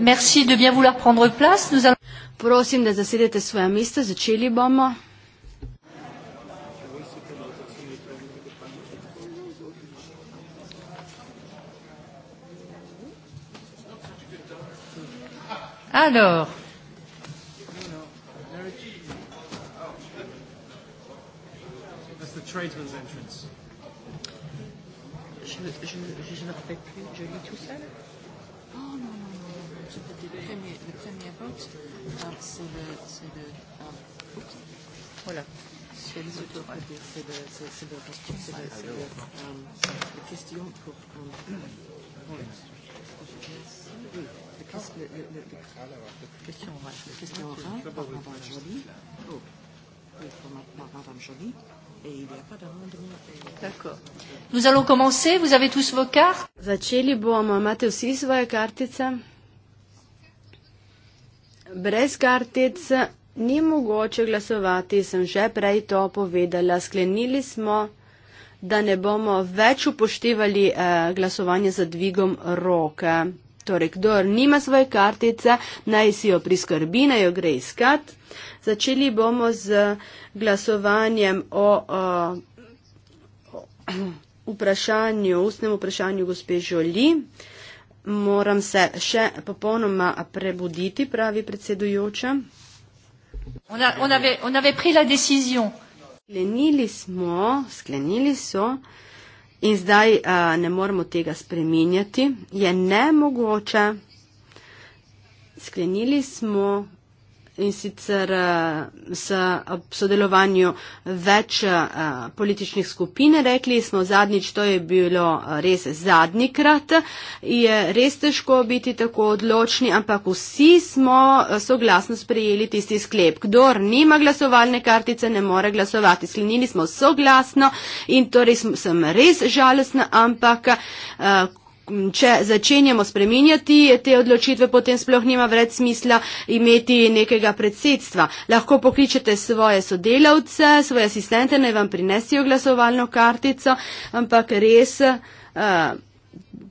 Merci de bien vouloir prendre place. Nous allons... Prosim, da zasedete svoje mesto, začeli bomo. Alors. That's the tradesman's entrance. Je, je, je, je ne répète plus, je Voilà. Ah, c'est le c'est le ah, c'est le c'est le c'est euh, euh, le c'est le c'est le la question pour um, question la question orale par madame Jolie oh. oui, pour madame Jolie et il n'y a pas d'amendement d'accord nous allons commencer vous avez tous vos cartes Začeli bomo, imate vsi svoje kartice? Brez kartic ni mogoče glasovati, sem že prej to povedala. Sklenili smo, da ne bomo več upoštevali eh, glasovanje za dvigom roke. Torej, kdor nima svoje kartice, naj si jo priskrbi, naj jo gre iskat. Začeli bomo z glasovanjem o, eh, o, o vprašanju, ustnem vprašanju gospe Žoli moram se še popolnoma prebuditi, pravi predsedujoča. On avait, on avait, on avait sklenili smo, sklenili so in zdaj a, ne moremo tega spreminjati. Je nemogoče. Sklenili smo in sicer eh, s sodelovanju več eh, političnih skupin. Rekli smo zadnjič, to je bilo eh, res zadnjikrat, je res težko biti tako odločni, ampak vsi smo soglasno sprejeli tisti sklep. Kdor nima glasovalne kartice, ne more glasovati. Sklenili smo soglasno in torej sem res žalostna, ampak če začenjamo spreminjati te odločitve, potem sploh nima vred smisla imeti nekega predsedstva. Lahko pokličete svoje sodelavce, svoje asistente, naj vam prinesijo glasovalno kartico, ampak res. Uh,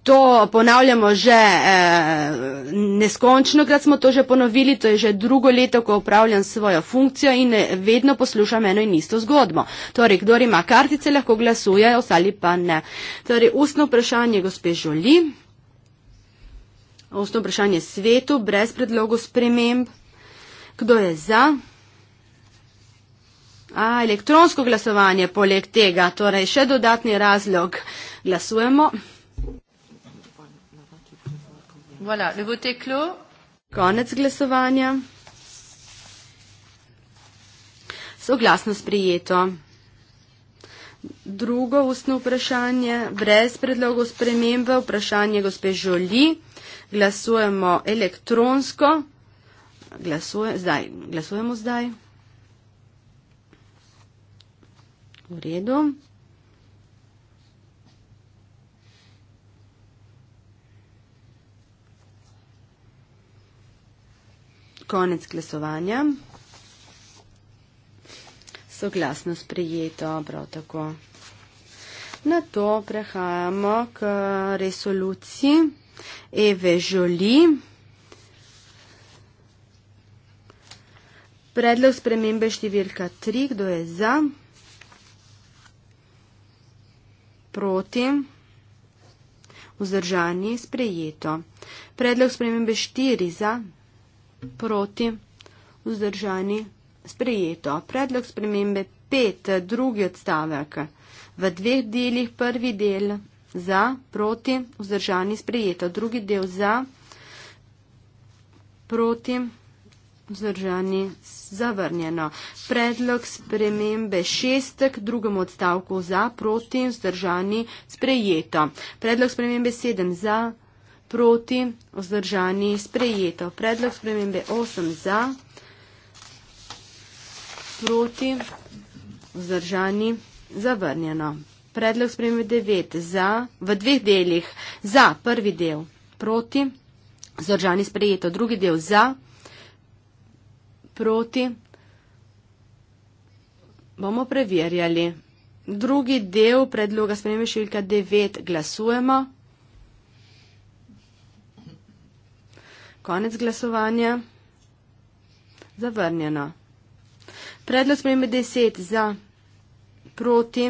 to ponavljamo že eh, neskončno, krat smo to že ponovili, to je že drugo leto, ko upravljam svojo funkcijo in eh, vedno poslušam eno in isto zgodbo. Torej, kdor ima kartice, lahko glasuje, ostali pa ne. Torej, ustno vprašanje gospe Žoli, ustno vprašanje svetu, brez predlogu sprememb. Kdo je za? A, elektronsko glasovanje poleg tega, torej še dodatni razlog. Glasujemo. Voilà, le vote est clos. Konec glasovanja. Soglasno sprejeto. Drugo ustno vprašanje, brez predlogov spremembe, vprašanje gospe Žoli. Glasujemo elektronsko. Glasuje, zdaj, glasujemo zdaj. V redu. konec glasovanja. Soglasno sprejeto, prav tako. Na to prehajamo k resoluciji Eve Žoli. Predlog spremembe številka 3, kdo je za? Proti? Vzdržani? Sprejeto. Predlog spremembe 4 za? proti vzdržani sprejeto. Predlog spremembe pet, drugi odstavek. V dveh delih prvi del za, proti vzdržani sprejeto. Drugi del za, proti vzdržani zavrnjeno. Predlog spremembe šest, k drugemu odstavku za, proti vzdržani sprejeto. Predlog spremembe sedem za proti, vzdržani sprejeto. Predlog spremembe 8 za, proti, vzdržani zavrnjeno. Predlog spremembe 9 za, v dveh delih, za prvi del, proti, vzdržani sprejeto, drugi del za, proti, bomo preverjali. Drugi del predloga spremembe številka 9 glasujemo. Konec glasovanja. Zavrnjeno. Predlog spremembe 10 za, proti,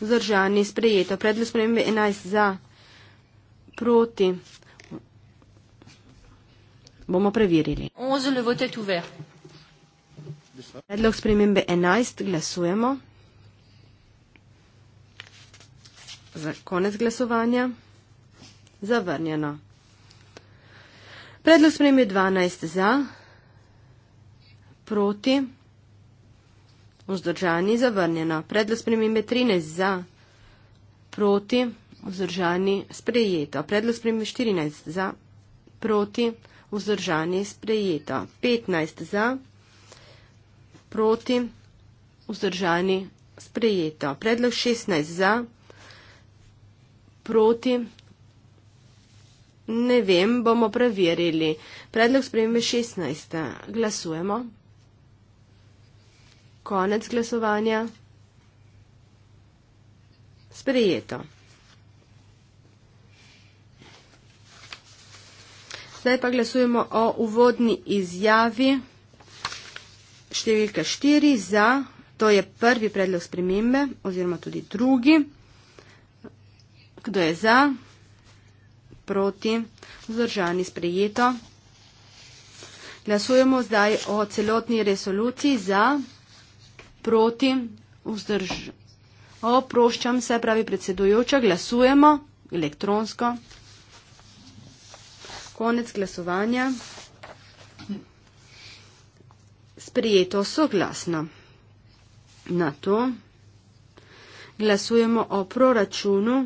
zdržani, sprejeto. Predlog spremembe 11 za, proti. Bomo preverili. Predlog spremembe 11 glasujemo. Za konec glasovanja. Zavrnjeno. Predlog spremlja 12 za, proti, vzdržani, zavrnjeno. Predlog spremlja 13 za, proti, vzdržani, sprejeto. Predlog spremlja 14 za, proti, vzdržani, sprejeto. 15 za, proti, vzdržani, sprejeto. Predlog 16 za, proti, Ne vem, bomo preverili. Predlog spremembe 16. Glasujemo. Konec glasovanja. Sprejeto. Zdaj pa glasujemo o uvodni izjavi številka 4 za, to je prvi predlog spremembe oziroma tudi drugi. Kdo je za? proti, vzdržani sprejeto. Glasujemo zdaj o celotni resoluciji za, proti, vzdržani. Oproščam se, pravi predsedujoča, glasujemo elektronsko. Konec glasovanja. Sprijeto soglasno. Na to glasujemo o proračunu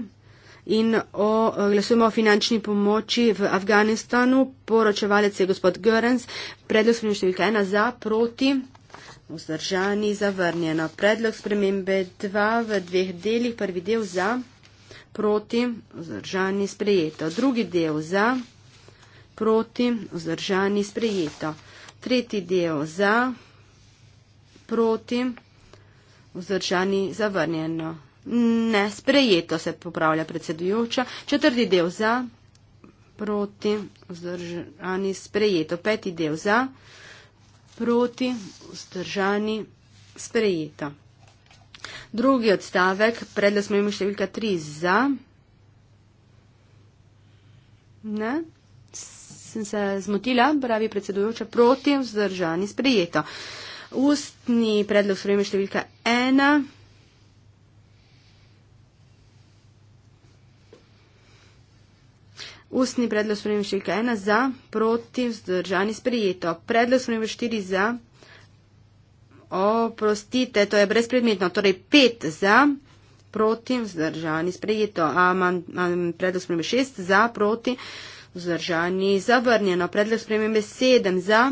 in o, eh, glasujemo o finančni pomoči v Afganistanu. Poročevalec je gospod Görens. Predlog spremembe številka ena za, proti, vzdržani, zavrnjeno. Predlog spremembe dva v dveh delih. Prvi del za, proti, vzdržani, sprejeto. Drugi del za, proti, vzdržani, sprejeto. Tretji del za, proti, vzdržani, zavrnjeno. Ne, sprejeto se popravlja predsedujoča. Četrti del za, proti, vzdržani, sprejeto. Peti del za, proti, vzdržani, sprejeto. Drugi odstavek, predlog smo imeli številka 3 za. Ne, sem se zmotila, pravi predsedujoča, proti, vzdržani, sprejeto. Ustni predlog smo imeli številka 1. Ustni predlog spremembe številka 1 za, proti, vzdržani, sprijeto. Predlog spremembe 4 za, oprostite, to je brezpredmetno, torej 5 za, proti, vzdržani, sprijeto. Predlog spremembe 6 za, proti, vzdržani, zavrnjeno. Predlog spremembe 7 za,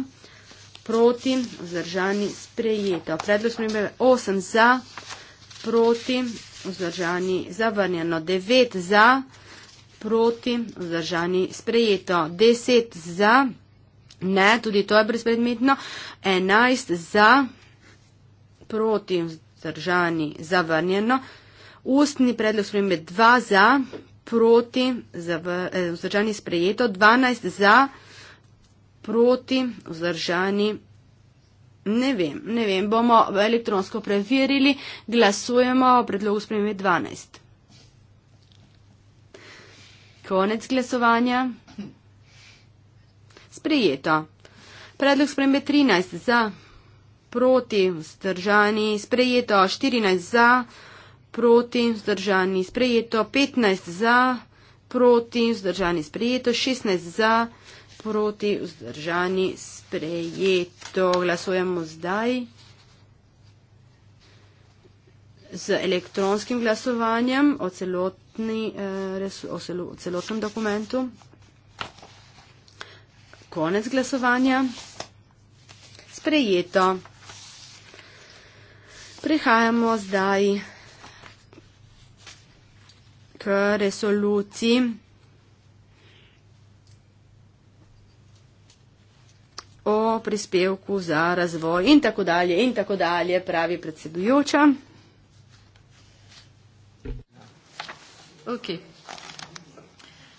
proti, vzdržani, sprijeto. Predlog spremembe 8 za, proti, vzdržani, zavrnjeno. 9 za, proti proti, vzdržani sprejeto. 10 za, ne, tudi to je brezpredmetno. 11 za, proti, vzdržani, zavrnjeno. Ustni predlog spremembe 2 za, proti, eh, vzdržani sprejeto. 12 za, proti, vzdržani. Ne vem, ne vem, bomo elektronsko preverili, glasujemo o predlogu spremembe 12. Konec glasovanja. Sprijeto. Predlog spremembe 13 za, proti, vzdržani, sprejeto, 14 za, proti, vzdržani, sprejeto, 15 za, proti, vzdržani, sprejeto, 16 za, proti, vzdržani, sprejeto. Glasujemo zdaj z elektronskim glasovanjem o celot celotni, eh, o celotnem dokumentu. Konec glasovanja. Sprejeto. Prihajamo zdaj k resoluciji. o prispevku za razvoj in tako dalje in tako dalje, pravi predsedujoča. Ok.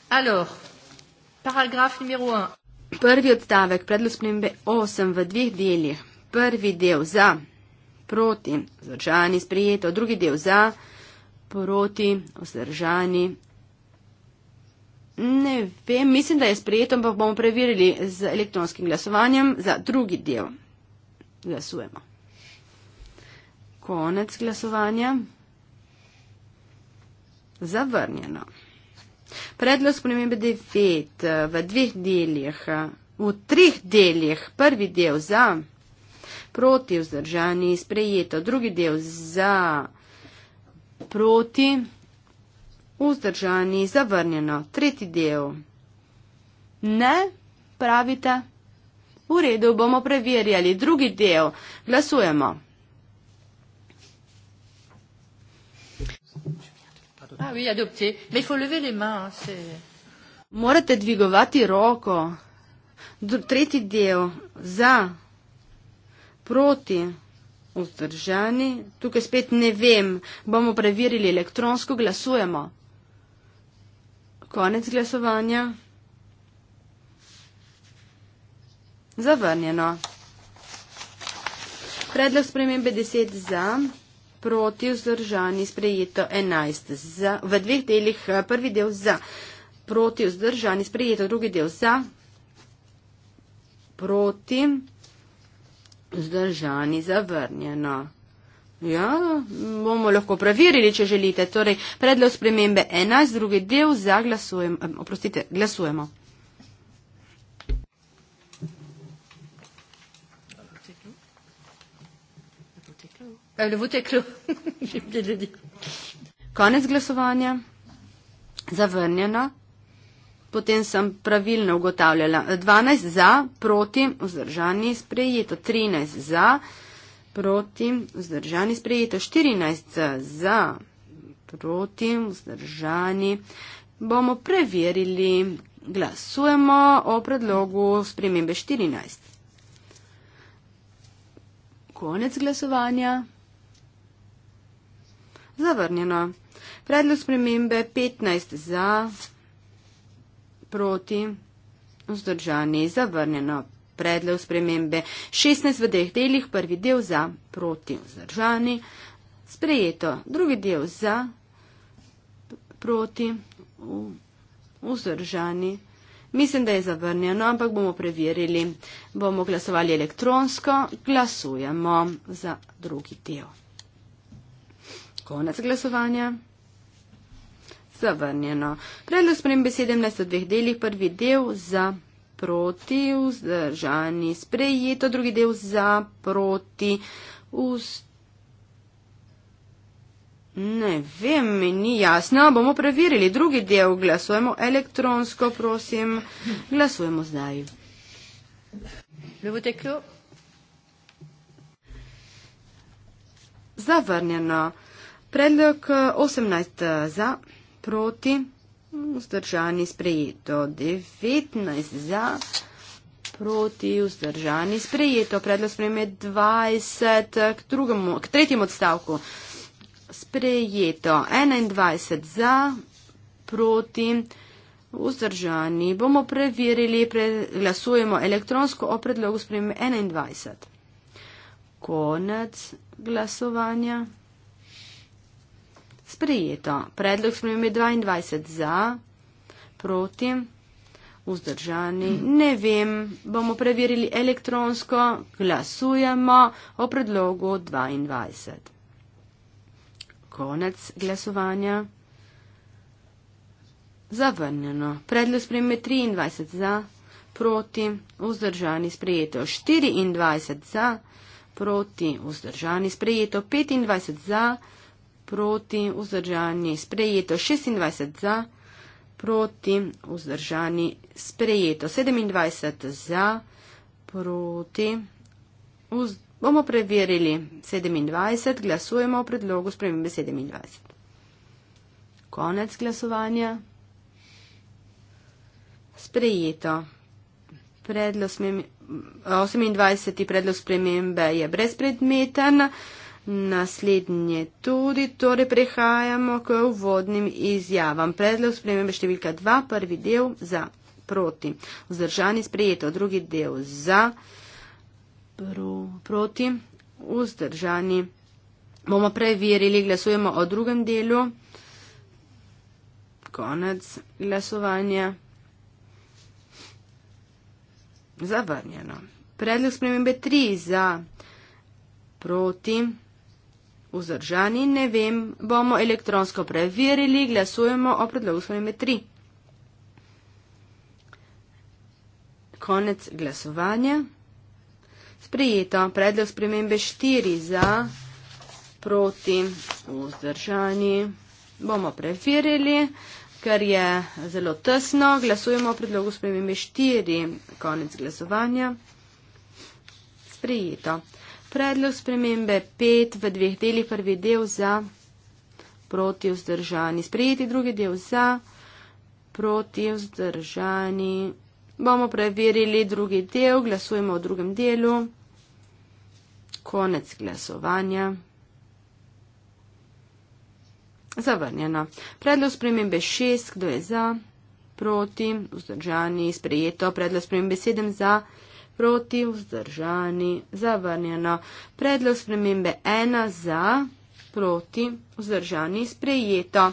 Alors, paragraf numéro 1. Prvi odstavek predloga spremembe 8 v dveh delih. Prvi del za, proti, vzdržani, sprijeto. Drugi del za, proti, vzdržani. Ne vem, mislim, da je sprijeto, ampak bomo preverili z elektronskim glasovanjem. Za drugi del glasujemo. Konec glasovanja zavrnjeno. Predlog spremembe 9 eh, v dveh delih, eh, v treh delih, prvi del za, proti vzdržani, sprejeto, drugi del za, proti, vzdržani, zavrnjeno, tretji del. Ne, pravite. V redu bomo preverjali drugi del. Glasujemo. Ah, oui, adopté. Mais il faut lever les mains. Hein, Morate dvigovati roko. Tretji del za, proti, vzdržani. Tukaj spet ne vem, bomo preverili elektronsko, glasujemo. Konec glasovanja. Zavrnjeno. Predlog spremembe 10 za proti vzdržani sprejeto 11 za, v dveh delih, eh, prvi del za, proti vzdržani sprejeto drugi del za, proti vzdržani zavrnjeno. Ja, bomo lahko preverili, če želite. Torej, predlog spremembe 11, drugi del za, glasujem, eh, oprostite, glasujemo. Le bo teklo, že bi ljudi. Konec glasovanja, zavrnjeno. Potem sem pravilno ugotavljala 12 eh, za, proti, vzdržani sprejeto, 13 za, proti, vzdržani sprejeto, 14 za, proti, vzdržani. Bomo preverili, glasujemo o predlogu spremembe 14. Konec glasovanja. Zavrnjeno. Predlog spremembe 15 za, proti, vzdržani. Zavrnjeno. Predlog spremembe 16 v dveh delih, prvi del za, proti, vzdržani. Sprejeto. Drugi del za, proti, vzdržani. Mislim, da je zavrnjeno, ampak bomo preverili. Bomo glasovali elektronsko. Glasujemo za drugi del. Konec glasovanja. Zavrnjeno. Predlog sprejem besedem na sedmih delih. Prvi del za proti, vzdržani sprejeto, drugi del za proti. Vz... Ne vem, mi ni jasno, bomo preverili. Drugi del glasujemo elektronsko, prosim. Glasujemo zdaj. Zavrnjeno. Predlog 18 eh, eh, za, proti, vzdržani sprejeto. 19 za, proti, vzdržani sprejeto. Predlog sprejme 20 eh, k, drugemu, k tretjemu odstavku. Sprejeto. 21 za, proti, vzdržani. Bomo preverili, preglasujemo elektronsko o predlogu sprejme 21. Konec glasovanja sprejeto. Predlog spremembe 22 za, proti, vzdržani, ne vem, bomo preverili elektronsko, glasujemo o predlogu 22. Konec glasovanja. Zavrnjeno. Predlog spremembe 23 za, proti, vzdržani, sprejeto. 24 za, proti, vzdržani, sprejeto. 25 za, proti proti, vzdržani, sprejeto 26 za, proti, vzdržani, sprejeto 27 za, proti. Vz... Bomo preverili 27, glasujemo o predlogu spremembe 27. Konec glasovanja. Sprejeto. Predlog smem... 28. predlog spremembe je brezpredmeten. Naslednje tudi, torej prehajamo k uvodnim izjavam. Predlog spremembe številka 2, prvi del za proti. Vzdržani sprejeto, drugi del za pro, proti. Vzdržani bomo preverili, glasujemo o drugem delu. Konec glasovanja. Zavrnjeno. Predlog spremembe 3 za proti. Vzdržani, ne vem, bomo elektronsko preverili, glasujemo o predlogu svojeme 3. Konec glasovanja. Sprijeto, predlog spremembe 4 za, proti, vzdržani, bomo preverili, ker je zelo tesno, glasujemo o predlogu spremembe 4. Konec glasovanja. Sprijeto predlog spremembe 5 v dveh delih, prvi del za, proti vzdržani, sprejeti drugi del za, proti vzdržani. Bomo preverili drugi del, glasujemo v drugem delu. Konec glasovanja. Zavrnjeno. Predlog spremembe 6, kdo je za, proti, vzdržani, sprejeto. Predlog spremembe 7 za, proti vzdržani, zavrnjeno. Predlog spremembe ena za, proti vzdržani, sprejeto.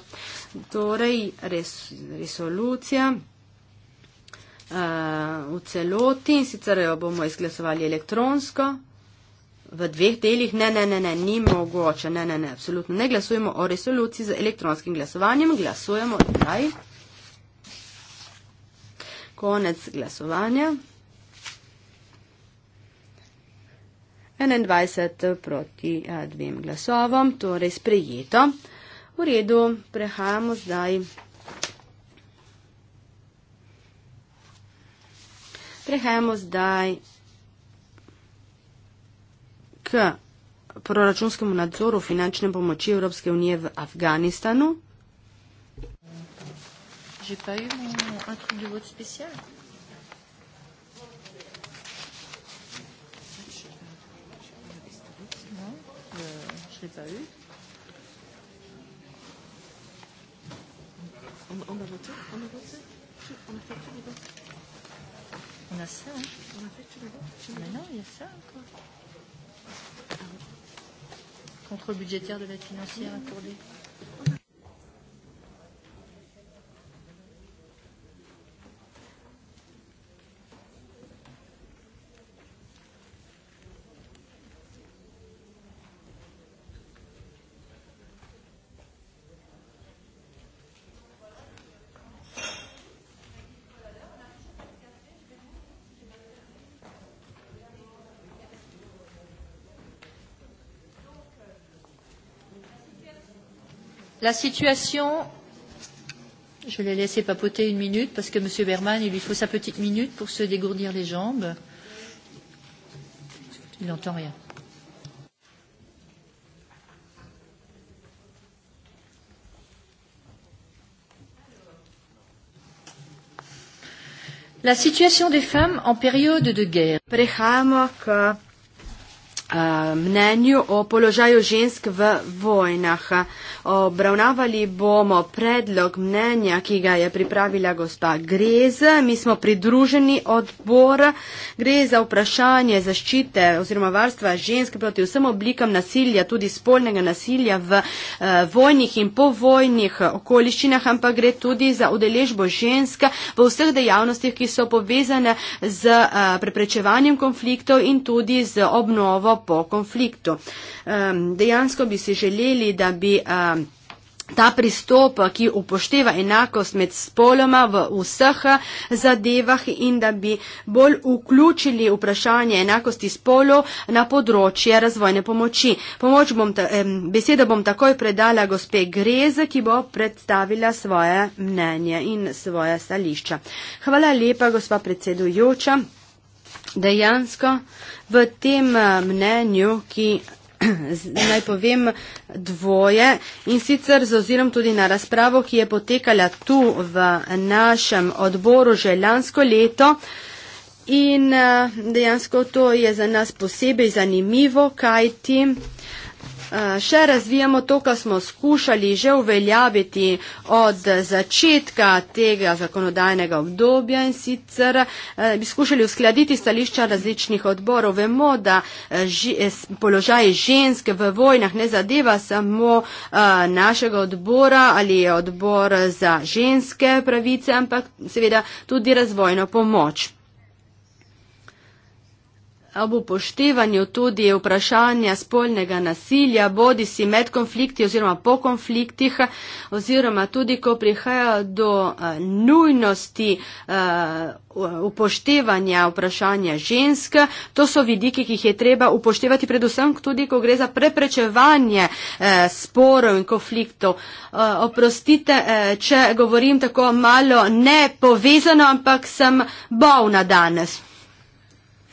Torej, res, resolucija uh, v celoti in sicer jo bomo izglasovali elektronsko. V dveh delih, ne, ne, ne, ne, ni mogoče, ne, ne, ne, absolutno ne glasujemo o resoluciji z elektronskim glasovanjem, glasujemo, kaj? Konec glasovanja. 21 eh, proti eh, dvem glasovom, torej sprejeto. V redu, prehajamo zdaj. Prehajamo zdaj k proračunskemu nadzoru finančne pomoči Evropske unije v Afganistanu. Je pa imel tudi od specialnega. n'est pas eu. On, on a voté On a voté On a fait tous les votes On a ça, hein On a fait tous les votes Mais non, il y a ça encore. Contrôle budgétaire de l'aide financière accordée. Mmh. La situation. Je l'ai laissé papoter une minute parce que M. Berman, il lui faut sa petite minute pour se dégourdir les jambes. Il n'entend rien. La situation des femmes en période de guerre. Eh, mnenju o položaju žensk v vojnah. Obravnavali bomo predlog mnenja, ki ga je pripravila gospa Grez. Mi smo pridruženi odbor. Gre za vprašanje zaščite oziroma varstva žensk proti vsem oblikam nasilja, tudi spolnega nasilja v eh, vojnih in povojnih okoliščinah, ampak gre tudi za udeležbo ženska v vseh dejavnostih, ki so povezane z eh, preprečevanjem konfliktov in tudi z obnovo po konfliktu. Dejansko bi si želeli, da bi ta pristop, ki upošteva enakost med spoloma v vseh zadevah in da bi bolj vključili vprašanje enakosti spolov na področje razvojne pomoči. Pomoč bom ta, eh, besedo bom takoj predala gospe Grez, ki bo predstavila svoje mnenje in svoje stališča. Hvala lepa, gospa predsedujoča dejansko v tem eh, mnenju, ki naj povem dvoje in sicer z ozirom tudi na razpravo, ki je potekala tu v našem odboru že lansko leto. In eh, dejansko to je za nas posebej zanimivo, kajti uh, Eh, še razvijamo to, kar smo skušali že uveljaviti od začetka tega zakonodajnega obdobja in sicer eh, bi skušali uskladiti stališča različnih odborov. Vemo, da eh, položaj žensk v vojnah ne zadeva samo našega odbora ali odbor za ženske pravice, ampak seveda tudi razvojno pomoč ob upoštevanju tudi vprašanja spolnega nasilja, bodi si med konflikti oziroma po konfliktih oziroma tudi, ko prihaja do uh, nujnosti uh, upoštevanja vprašanja žensk. To so vidiki, ki jih je treba upoštevati predvsem tudi, ko gre za preprečevanje uh, sporov in konfliktov. Uh, oprostite, uh, če govorim tako malo nepovezano, ampak sem bolna danes.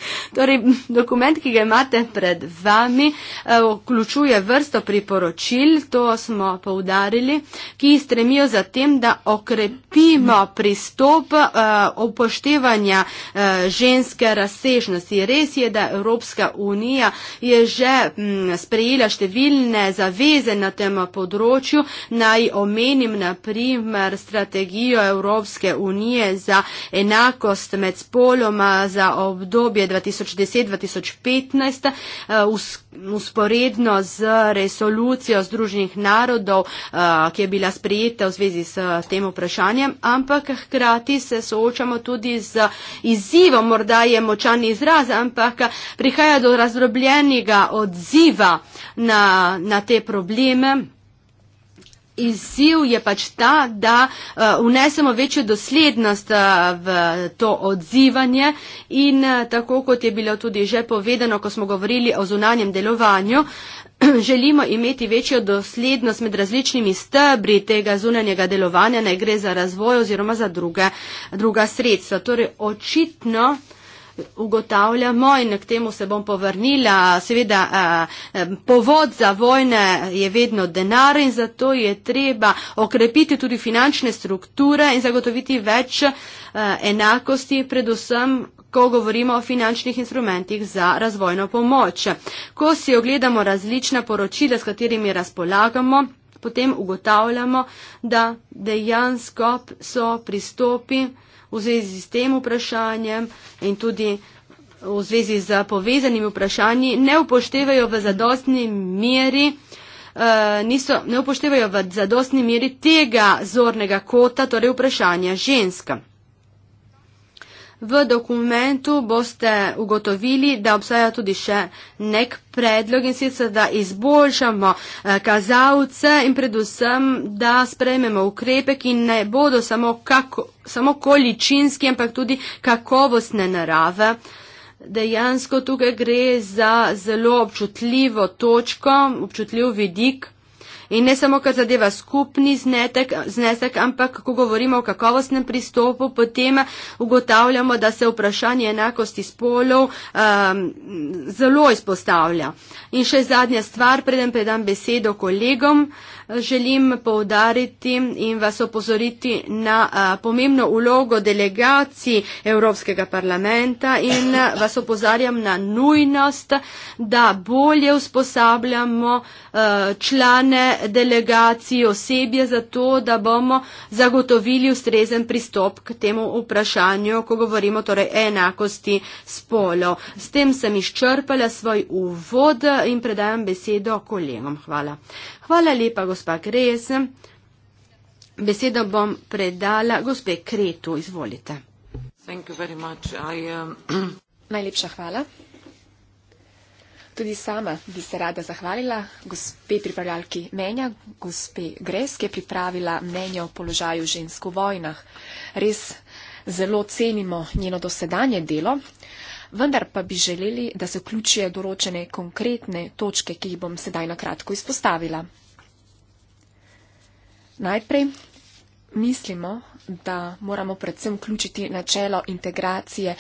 Torej, dokument, ki ga imate pred vami, eh, vključuje vrsto priporočil, to smo poudarili, ki stremijo za tem, da okrepimo pristop eh, upoštevanja eh, ženske razsežnosti. Res je, da Evropska unija je že mm, sprejela številne zaveze na tem področju. Naj omenim naprimer strategijo Evropske unije za enakost med spoloma za obdobje 2010-2015, eh, usporedno z resolucijo Združenih narodov, eh, ki je bila sprejeta v zvezi s eh, tem vprašanjem, ampak hkrati se soočamo tudi z izzivom, morda je močan izraz, ampak prihaja do razdrobljenega odziva na, na te probleme izziv je pač ta, da eh, vnesemo večjo doslednost eh, v to odzivanje in eh, tako kot je bilo tudi že povedano, ko smo govorili o zunanjem delovanju, Želimo imeti večjo doslednost med različnimi stebri tega zunanjega delovanja, ne gre za razvoj oziroma za druge, druga sredstva. Torej, očitno ugotavljamo in k temu se bom povrnila. Seveda, povod za vojne je vedno denar in zato je treba okrepiti tudi finančne strukture in zagotoviti več enakosti, predvsem ko govorimo o finančnih instrumentih za razvojno pomoč. Ko si ogledamo različna poročila, s katerimi razpolagamo, potem ugotavljamo, da dejansko so pristopi v zvezi s tem vprašanjem in tudi v zvezi z povezanimi vprašanji ne upoštevajo v zadostni meri. Uh, niso, ne upoštevajo v zadostni meri tega zornega kota, torej vprašanja ženska. V dokumentu boste ugotovili, da obstaja tudi še nek predlog in sicer, da izboljšamo eh, kazalce in predvsem, da sprejmemo ukrepe, ki ne bodo samo, kako, samo količinski, ampak tudi kakovostne narave. Dejansko tukaj gre za zelo občutljivo točko, občutljiv vidik. In ne samo, kar zadeva skupni znetek, znesek, ampak, ko govorimo o kakovostnem pristopu, potem ugotavljamo, da se vprašanje enakosti spolov um, zelo izpostavlja. In še zadnja stvar, preden predam besedo kolegom, želim povdariti in vas opozoriti na a, pomembno ulogo delegacij Evropskega parlamenta in vas opozarjam na nujnost, da bolje usposabljamo a, člane delegaciji osebje za to, da bomo zagotovili ustrezen pristop k temu vprašanju, ko govorimo torej o enakosti spolo. S tem sem izčrpala svoj uvod in predajam besedo kolegom. Hvala. Hvala lepa, gospa Kres. Besedo bom predala gospe Kretu. Izvolite. I, um... Najlepša hvala. Tudi sama bi se rada zahvalila gospe pripravljalki menja, gospe Gres, ki je pripravila mnenje o položaju žensk v vojnah. Res zelo cenimo njeno dosedanje delo, vendar pa bi želeli, da se vključijo določene konkretne točke, ki jih bom sedaj na kratko izpostavila. Najprej mislimo, da moramo predvsem vključiti načelo integracije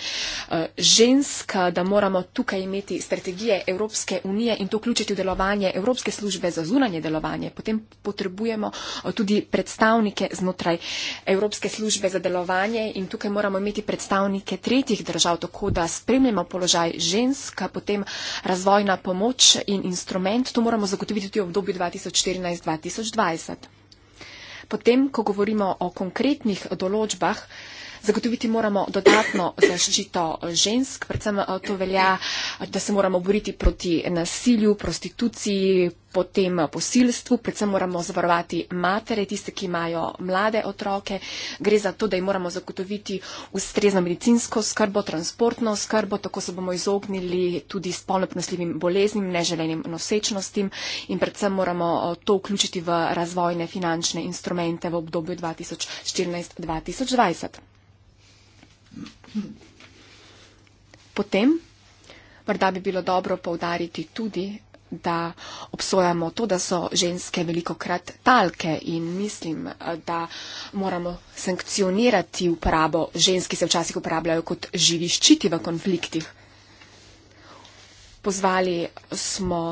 eh, žensk, da moramo tukaj imeti strategije Evropske unije in to vključiti v delovanje Evropske službe za zunanje delovanje. Potem potrebujemo eh, tudi predstavnike znotraj Evropske službe za delovanje in tukaj moramo imeti predstavnike tretjih držav, tako da spremljamo položaj žensk, potem razvojna pomoč in instrument. To moramo zagotoviti tudi v obdobju 2014-2020. Potem, ko govorimo o konkretnih določbah, Zagotoviti moramo dodatno zaščito žensk, predvsem eh, to velja, da se moramo boriti proti nasilju, prostituciji, potem eh, posilstvu, predvsem moramo zavarovati matere, tiste, ki imajo mlade otroke. Gre za to, da jim moramo zagotoviti ustrezno medicinsko skrbo, transportno skrbo, tako se bomo izognili tudi spolno prenosljivim boleznim, neželenim nosečnostim in predvsem moramo eh, to vključiti v razvojne finančne instrumente v obdobju 2014-2020. Potem, morda bi bilo dobro povdariti tudi, da obsojamo to, da so ženske veliko krat talke in mislim, da moramo sankcionirati uporabo ženski, ki se včasih uporabljajo kot živi ščiti v konfliktih. Pozvali smo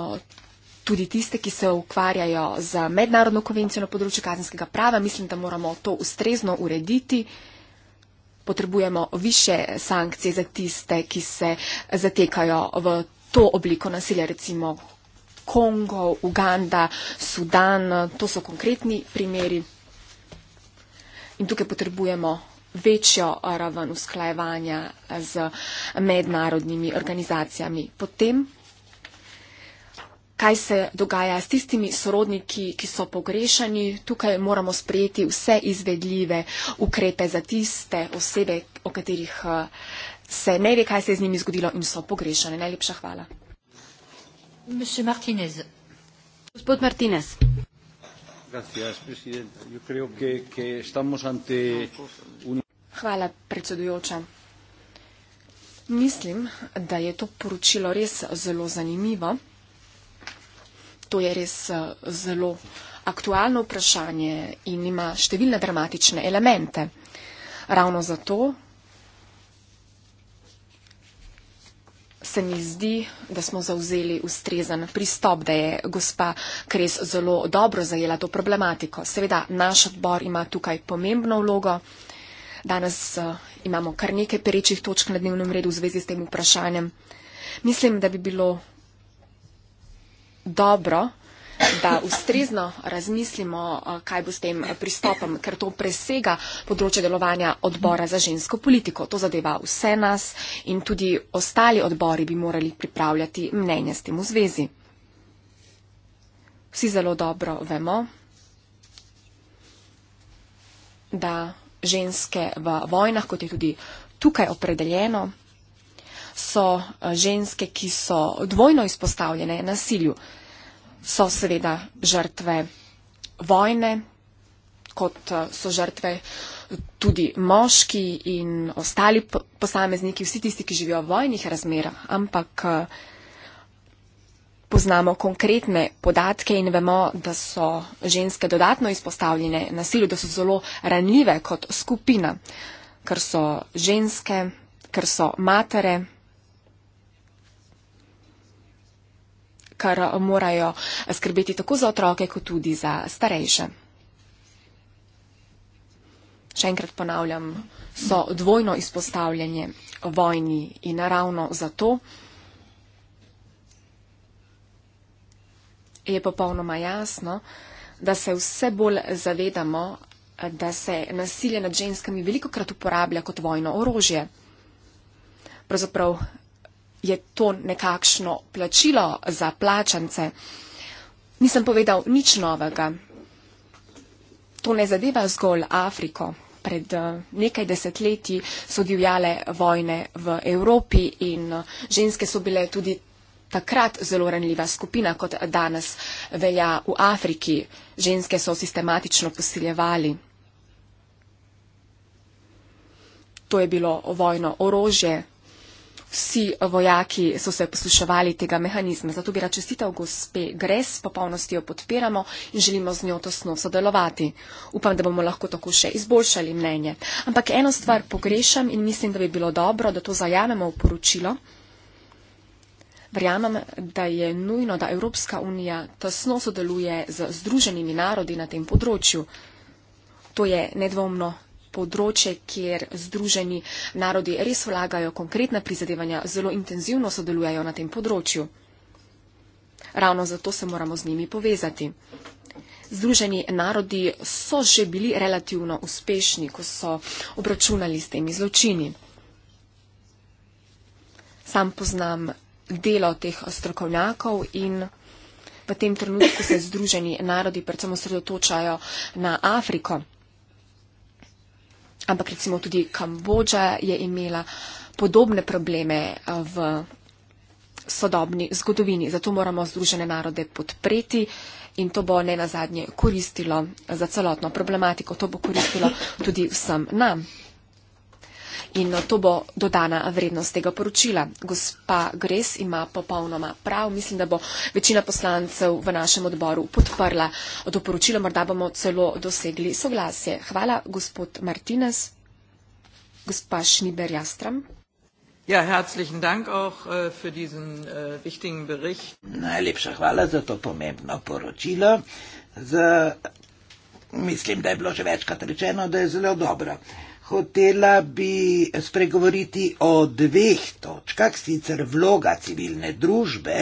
tudi tiste, ki se ukvarjajo z mednarodno konvencijo na področju kazenskega prava. Mislim, da moramo to ustrezno urediti potrebujemo više sankcije za tiste, ki se zatekajo v to obliko nasilja, recimo Kongo, Uganda, Sudan, to so konkretni primeri. In tukaj potrebujemo večjo raven usklajevanja z mednarodnimi organizacijami. Potem kaj se dogaja s tistimi sorodniki, ki so pogrešani. Tukaj moramo sprejeti vse izvedljive ukrepe za tiste osebe, o katerih eh, se ne ve, kaj se je z njimi zgodilo in so pogrešane. Najlepša hvala. Martinez. Gospod Martinez. Hvala, predsedujoča. Mislim, da je to poročilo res zelo zanimivo to je res eh, zelo aktualno vprašanje in ima številne dramatične elemente. Ravno zato se mi zdi, da smo zauzeli ustrezen pristop, da je gospa Kres zelo dobro zajela to problematiko. Seveda, naš odbor ima tukaj pomembno vlogo. Danes eh, imamo kar nekaj perečih točk na dnevnem redu v zvezi s tem vprašanjem. Mislim, da bi bilo dobro, da ustrezno razmislimo, eh, kaj bo s tem eh, pristopom, ker to presega področje delovanja odbora za žensko politiko. To zadeva vse nas in tudi ostali odbori bi morali pripravljati mnenje s tem v zvezi. Vsi zelo dobro vemo, da ženske v vojnah, kot je tudi tukaj opredeljeno, so eh, ženske, ki so dvojno izpostavljene nasilju, so seveda žrtve vojne, kot eh, so žrtve tudi moški in ostali posamezniki, vsi tisti, ki živijo v vojnih razmerah, ampak eh, poznamo konkretne podatke in vemo, da so ženske dodatno izpostavljene nasilju, da so zelo ranljive kot skupina, ker so ženske, ker so matere. kar morajo skrbeti tako za otroke, kot tudi za starejše. Še enkrat ponavljam, so dvojno izpostavljanje vojni in ravno zato je popolnoma jasno, da se vse bolj zavedamo, da se nasilje nad ženskami veliko krat uporablja kot vojno orožje. Pravzaprav je to nekakšno plačilo za plačance. Nisem povedal nič novega. To ne zadeva zgolj Afriko. Pred eh, nekaj desetletji so divjale vojne v Evropi in eh, ženske so bile tudi takrat zelo ranljiva skupina, kot danes velja v Afriki. Ženske so sistematično posiljevali. To je bilo vojno orožje, vsi vojaki so se posluševali tega mehanizma. Zato bi račestitev gospe Gres, popolnosti jo podpiramo in želimo z njo tosno sodelovati. Upam, da bomo lahko tako še izboljšali mnenje. Ampak eno stvar pogrešam in mislim, da bi bilo dobro, da to zajamemo v poročilo. Verjamem, da je nujno, da Evropska unija tesno sodeluje z združenimi narodi na tem področju. To je nedvomno področje, kjer združeni narodi res vlagajo konkretna prizadevanja, zelo intenzivno sodelujejo na tem področju. Ravno zato se moramo z njimi povezati. Združeni narodi so že bili relativno uspešni, ko so obračunali s temi zločini. Sam poznam delo teh strokovnjakov in v tem trenutku se združeni narodi predvsem osredotočajo na Afriko. Ampak recimo tudi Kambodža je imela podobne probleme eh, v sodobni zgodovini. Zato moramo Združene narode podpreti in to bo ne nazadnje koristilo za celotno problematiko. To bo koristilo tudi vsem nam in to bo dodana vrednost tega poročila. Gospa Gres ima popolnoma prav. Mislim, da bo večina poslancev v našem odboru podprla to poročilo. Morda bomo celo dosegli soglasje. Hvala, gospod Martinez. Gospa Šniber Jastram. Ja, herzlichen Dank auch äh, für diesen äh, wichtigen Bericht. Najlepša hvala za to pomembno poročilo. Za, mislim, da je bilo že večkrat rečeno, da je zelo dobro. Uh, Hotela bi spregovoriti o dveh točkah, sicer vloga civilne družbe,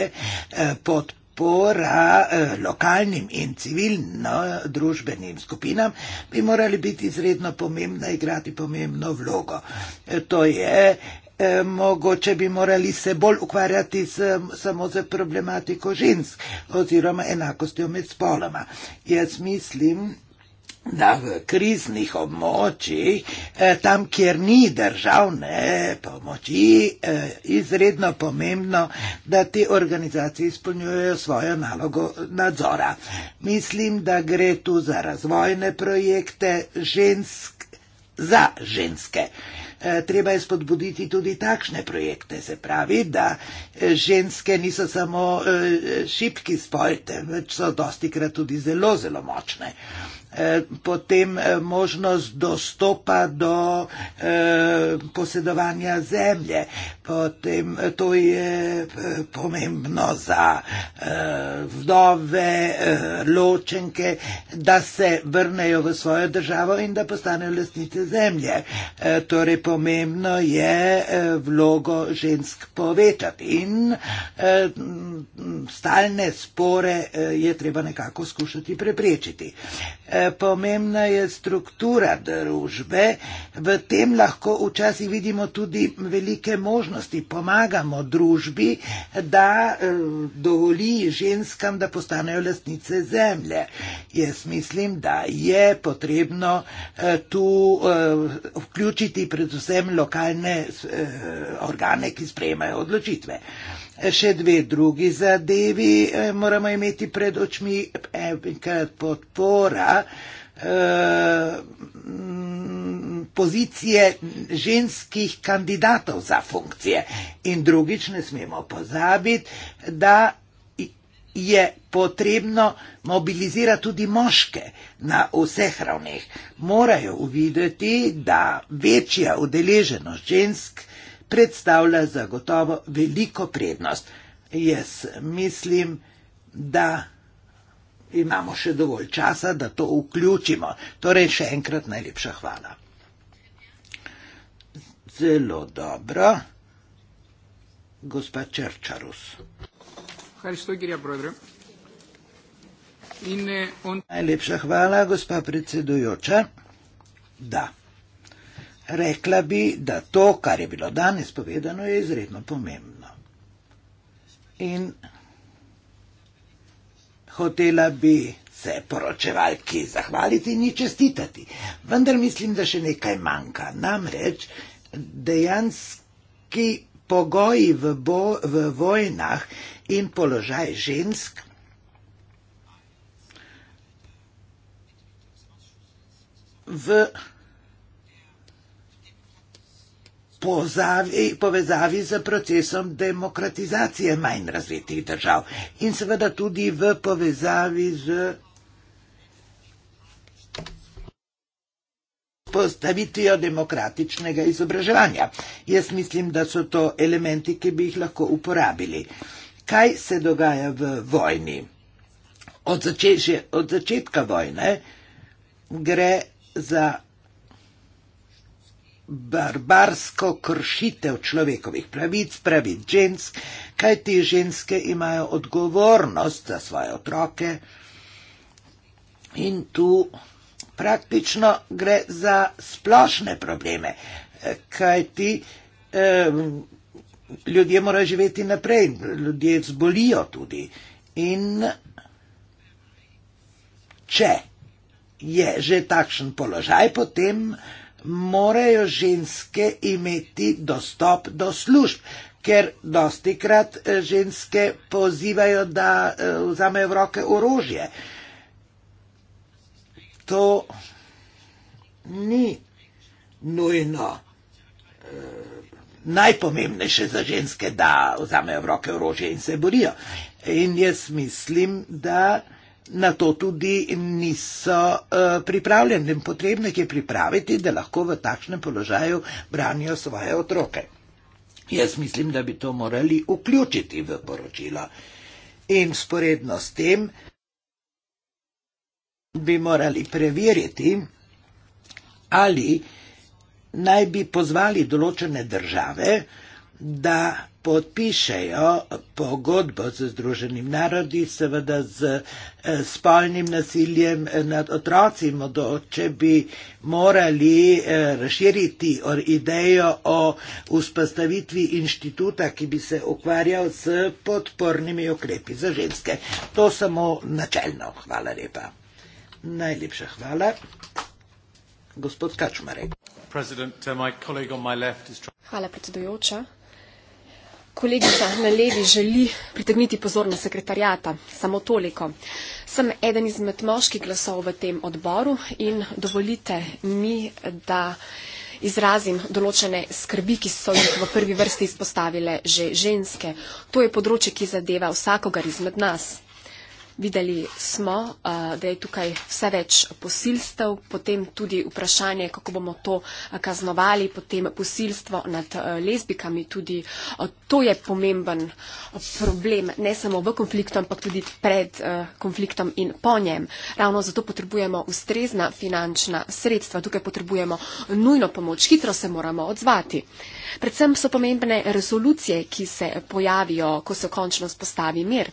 eh, podpora eh, lokalnim in civilno-družbenim skupinam bi morali biti izredno pomembna, igrati pomembno vlogo. Eh, to je, mogoče bi morali se bolj ukvarjati z, samo z problematiko žensk oziroma enakostjo med spoloma. Jaz mislim, da v kriznih območjih, eh, tam, kjer ni državne pomoči, eh, izredno pomembno, da te organizacije izpolnjujejo svojo nalogo nadzora. Mislim, da gre tu za razvojne projekte žensk, za ženske. Eh, treba je spodbuditi tudi takšne projekte, se pravi, da ženske niso samo šipki spolite, več so dosti krat tudi zelo, zelo močne. Eh, potem eh, možnost dostopa do eh, posedovanja zemlje. Potem to je pomembno za vdove, ločenke, da se vrnejo v svojo državo in da postanejo lastnice zemlje. Torej pomembno je vlogo žensk povečati in stalne spore je treba nekako skušati preprečiti. E, pomembna je struktura družbe, v tem lahko včasih vidimo tudi velike možnosti. Pomagamo družbi, da eh, dovoli ženskam, da postanejo lastnice zemlje. Jaz mislim, da je potrebno eh, tu eh, vključiti predvsem lokalne organe, ki sprejemajo odločitve še dve drugi zadevi eh, moramo imeti pred očmi, eh, enkrat podpora eh, pozicije ženskih kandidatov za funkcije. In drugič ne smemo pozabiti, da je potrebno mobilizirati tudi moške na vseh ravneh. Morajo uvideti, da večja udeleženost žensk eh, predstavlja zagotovo veliko prednost. Jaz mislim, da imamo še dovolj časa, da to vključimo. Torej, še enkrat najlepša hvala. Zelo dobro. Gospa Črčarus. In, eh, on... Najlepša hvala, gospa predsedujoča. Da rekla bi, da to, kar je bilo danes povedano, je izredno pomembno. In hotela bi se poročevalki zahvaliti in ji čestitati, vendar mislim, da še nekaj manjka. Namreč dejanski pogoji v, bo, v vojnah in položaj žensk. V pozavi, povezavi z procesom demokratizacije manj razvitih držav in seveda tudi v povezavi z postavitvijo demokratičnega izobraževanja. Jaz mislim, da so to elementi, ki bi jih lahko uporabili. Kaj se dogaja v vojni? Od, začet, od začetka vojne gre za barbarsko kršitev človekovih pravic, pravic žensk, kaj ti ženske imajo odgovornost za svoje otroke. In tu praktično gre za splošne probleme, kaj ti eh, ljudje morajo živeti naprej, ljudje zbolijo tudi. In če je že takšen položaj, potem eh, morajo ženske imeti dostop do služb, ker dosti krat eh, ženske pozivajo, da eh, vzamejo v roke orožje. To ni nujno eh, najpomembnejše za ženske, da vzamejo v roke orožje in se borijo. In jaz mislim, da na to tudi niso uh, pripravljeni. Potrebno jih je pripraviti, da lahko v takšnem položaju branijo svoje otroke. Jaz mislim, da bi to morali vključiti v poročilo. In sporedno s tem bi morali preveriti, ali naj bi pozvali določene države, da podpišejo pogodbo z Združenim narodi, seveda z eh, spolnim nasiljem nad otroci, modo, če bi morali eh, razširiti idejo o vzpostavitvi inštituta, ki bi se ukvarjal z podpornimi ukrepi za ženske. To samo načelno. Hvala lepa. Najlepša hvala. Gospod Kačmarek. Uh, hvala predsedujoča kolegica na levi želi pritegniti pozornost sekretarjata. Samo toliko. Sem eden izmed moških glasov v tem odboru in dovolite mi, da izrazim določene skrbi, ki so jih v prvi vrsti izpostavile že ženske. To je področje, ki zadeva vsakogar izmed nas. Videli smo, eh, da je tukaj vse več posilstev, potem tudi vprašanje, kako bomo to eh, kaznovali, potem posilstvo nad eh, lezbikami. Tudi to je pomemben problem, ne samo v konfliktu, ampak tudi pred konfliktom in po njem. Ravno zato potrebujemo ustrezna finančna sredstva. Tukaj potrebujemo nujno pomoč, hitro se moramo odzvati. Predvsem so pomembne rezolucije, ki se pojavijo, ko se končno spostavi mir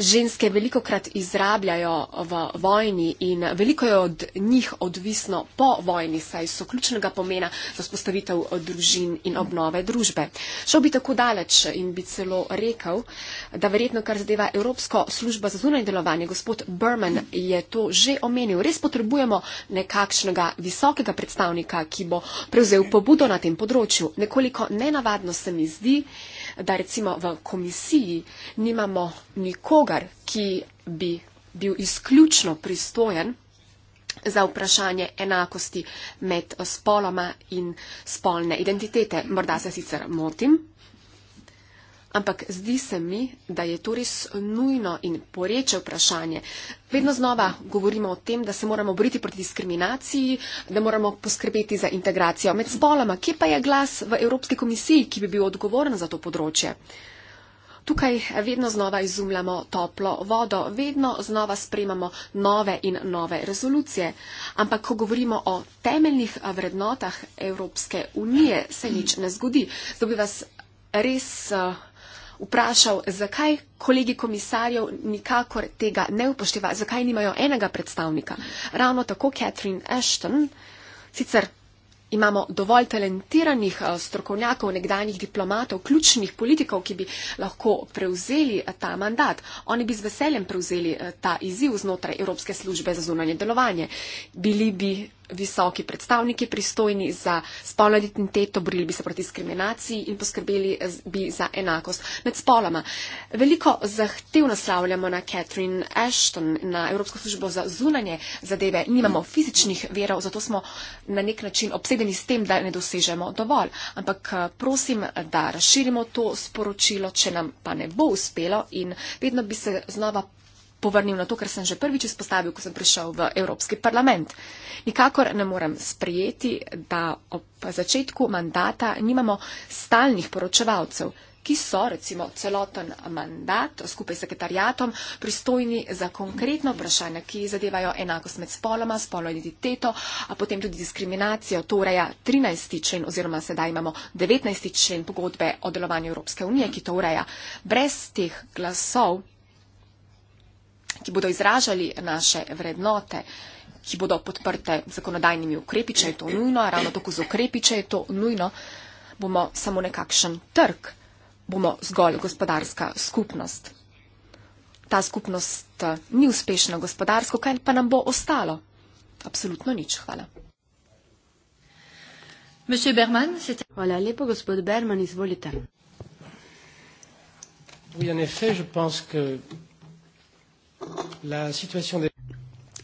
ženske veliko krat izrabljajo v vojni in veliko je od njih odvisno po vojni, saj so ključnega pomena za spostavitev družin in obnove družbe. Šel bi tako daleč in bi celo rekel, da verjetno, kar zadeva Evropsko službo za zunaj delovanje, gospod Berman je to že omenil. Res potrebujemo nekakšnega visokega predstavnika, ki bo prevzel pobudo na tem področju. Nekoliko nenavadno se mi zdi, da recimo v komisiji nimamo nikogar, ki bi bil izključno pristojen za vprašanje enakosti med spoloma in spolne identitete. Morda se sicer motim, Ampak zdi se mi, da je to res nujno in poreče vprašanje. Vedno znova govorimo o tem, da se moramo boriti proti diskriminaciji, da moramo poskrbeti za integracijo med spoloma. Kje pa je glas v Evropski komisiji, ki bi bil odgovoren za to področje? Tukaj vedno znova izumljamo toplo vodo, vedno znova sprejmamo nove in nove rezolucije. Ampak, ko govorimo o temeljnih vrednotah Evropske unije, se nič ne zgodi. Zdaj bi vas res uh, vprašal, zakaj kolegi komisarjev nikakor tega ne upošteva, zakaj nimajo enega predstavnika. Ravno tako Catherine Ashton, sicer imamo dovolj talentiranih eh, strokovnjakov, nekdanjih diplomatov, ključnih politikov, ki bi lahko prevzeli eh, ta mandat. Oni bi z veseljem prevzeli eh, ta izziv znotraj Evropske službe za zunanje delovanje. Bili bi visoki predstavniki pristojni za spolno identiteto, borili bi se proti diskriminaciji in poskrbeli bi za enakost med spoloma. Veliko zahtev naslavljamo na Catherine Ashton, na Evropsko službo za zunanje zadeve. Nimamo fizičnih verov, zato smo na nek način obsedeni s tem, da ne dosežemo dovolj. Ampak eh, prosim, da razširimo to sporočilo, če nam pa ne bo uspelo in vedno bi se znova povrnil na to, kar sem že prvič izpostavil, ko sem prišel v Evropski parlament. Nikakor ne morem sprijeti, da ob začetku mandata nimamo stalnih poročevalcev, ki so recimo celoten mandat skupaj s sekretarjatom pristojni za konkretno vprašanje, ki zadevajo enakost med spoloma, spolo identiteto, a potem tudi diskriminacijo. To ureja 13. člen oziroma sedaj imamo 19. člen pogodbe o delovanju Evropske unije, ki to ureja. Brez teh glasov ki bodo izražali naše vrednote, ki bodo podprte zakonodajnimi ukrepi, če je to nujno, ravno tako z ukrepi, če je to nujno, bomo samo nekakšen trg, bomo zgolj gospodarska skupnost. Ta skupnost eh, ni uspešna gospodarsko, kaj pa nam bo ostalo? Absolutno nič. Hvala. Berman, te... Hvala lepo, gospod Berman, izvolite. Oui, en effet, je pense que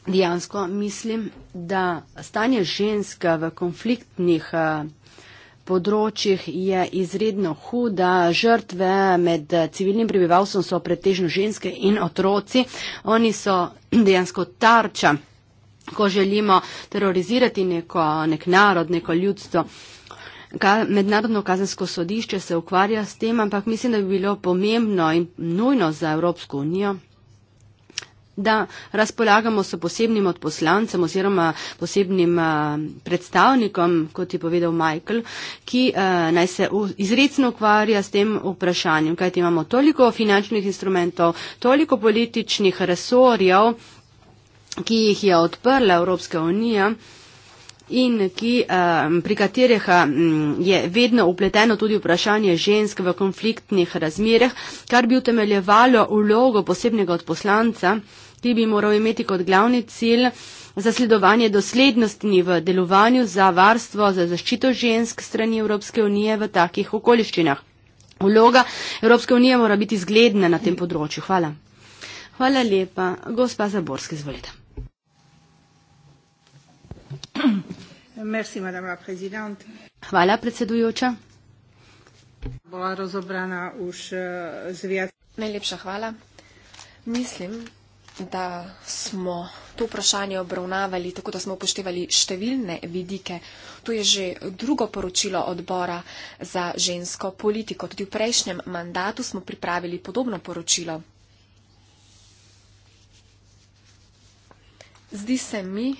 Dejansko mislim, da stanje žensk v konfliktnih eh, področjih je izredno huda. Žrtve med eh, civilnim prebivalstvom so pretežno ženske in otroci. Oni so dejansko tarča, ko želimo terorizirati neko, nek narod, neko ljudstvo. Mednarodno kazensko sodišče se ukvarja s tem, ampak mislim, da bi bilo pomembno in nujno za Evropsko unijo da razpolagamo s posebnim odposlancem oziroma posebnim eh, predstavnikom, kot je povedal Michael, ki eh, naj se izredno ukvarja s tem vprašanjem, kajti imamo toliko finančnih instrumentov, toliko političnih resorjev, ki jih je odprla Evropska unija in ki, eh, pri katerih je vedno upleteno tudi vprašanje žensk v konfliktnih razmerah, kar bi utemeljevalo vlogo posebnega odposlanca ki bi moral imeti kot glavni cilj zasledovanje doslednosti v delovanju za varstvo, za zaščito žensk strani Evropske unije v takih okoliščinah. Vloga Evropske unije mora biti zgledna na tem področju. Hvala. Hvala lepa. Gospa Zaborski, izvolite. Merci, Hvala, predsedujoča. Eh, Najlepša hvala. Mislim, da smo to vprašanje obravnavali, tako da smo upoštevali številne vidike. To je že drugo poročilo odbora za žensko politiko. Tudi v prejšnjem mandatu smo pripravili podobno poročilo. Zdi se mi,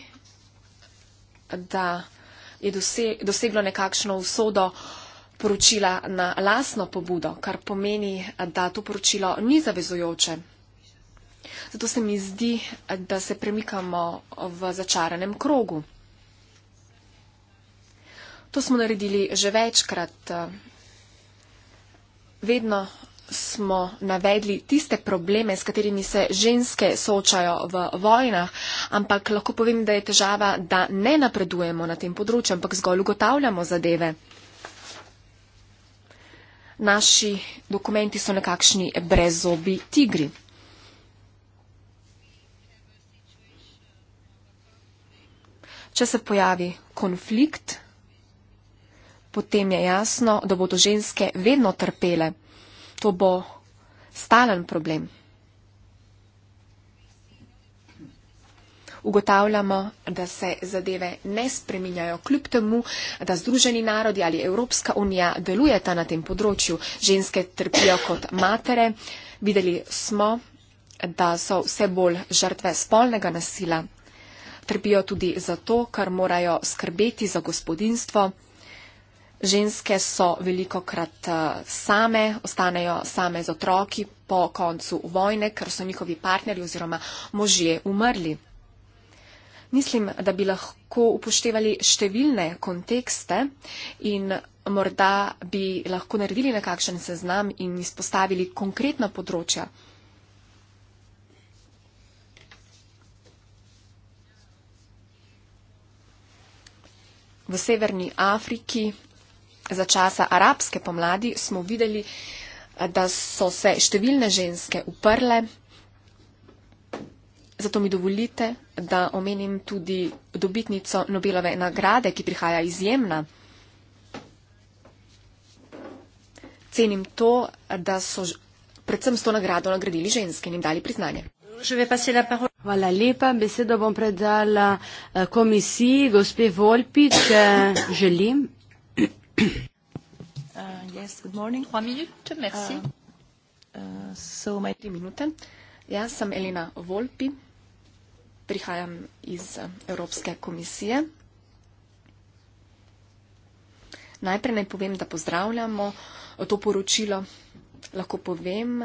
da je doseglo nekakšno usodo poročila na lasno pobudo, kar pomeni, da to poročilo ni zavezujoče. Zato se mi zdi, da se premikamo v začaranem krogu. To smo naredili že večkrat. Vedno smo navedli tiste probleme, s katerimi se ženske soočajo v vojnah, ampak lahko povem, da je težava, da ne napredujemo na tem področju, ampak zgolj ugotavljamo zadeve. Naši dokumenti so nekakšni brezobi tigri. Če se pojavi konflikt, potem je jasno, da bodo ženske vedno trpele. To bo stalen problem. Ugotavljamo, da se zadeve ne spreminjajo, kljub temu, da Združeni narodi ali Evropska unija delujeta na tem področju. Ženske trpijo kot matere. Videli smo, da so vse bolj žrtve spolnega nasila trpijo tudi zato, ker morajo skrbeti za gospodinstvo. Ženske so veliko krat eh, same, ostanejo same z otroki po koncu vojne, ker so njihovi partnerji oziroma možje umrli. Mislim, da bi lahko upoštevali številne kontekste in morda bi lahko naredili nekakšen seznam in izpostavili konkretna področja, v severni Afriki za časa arabske pomladi smo videli, da so se številne ženske uprle. Zato mi dovolite, da omenim tudi dobitnico Nobelove nagrade, ki prihaja izjemna. Cenim to, da so predvsem s to nagrado nagradili ženske in jim dali priznanje. Hvala lepa. Besedo bom predala eh, komisiji, gospe Volpi, če eh, želim. Tri uh, minute. Uh, uh, Jaz sem Elena Volpi, prihajam iz eh, Evropske komisije. Najprej naj povem, da pozdravljamo to poročilo. Lahko povem,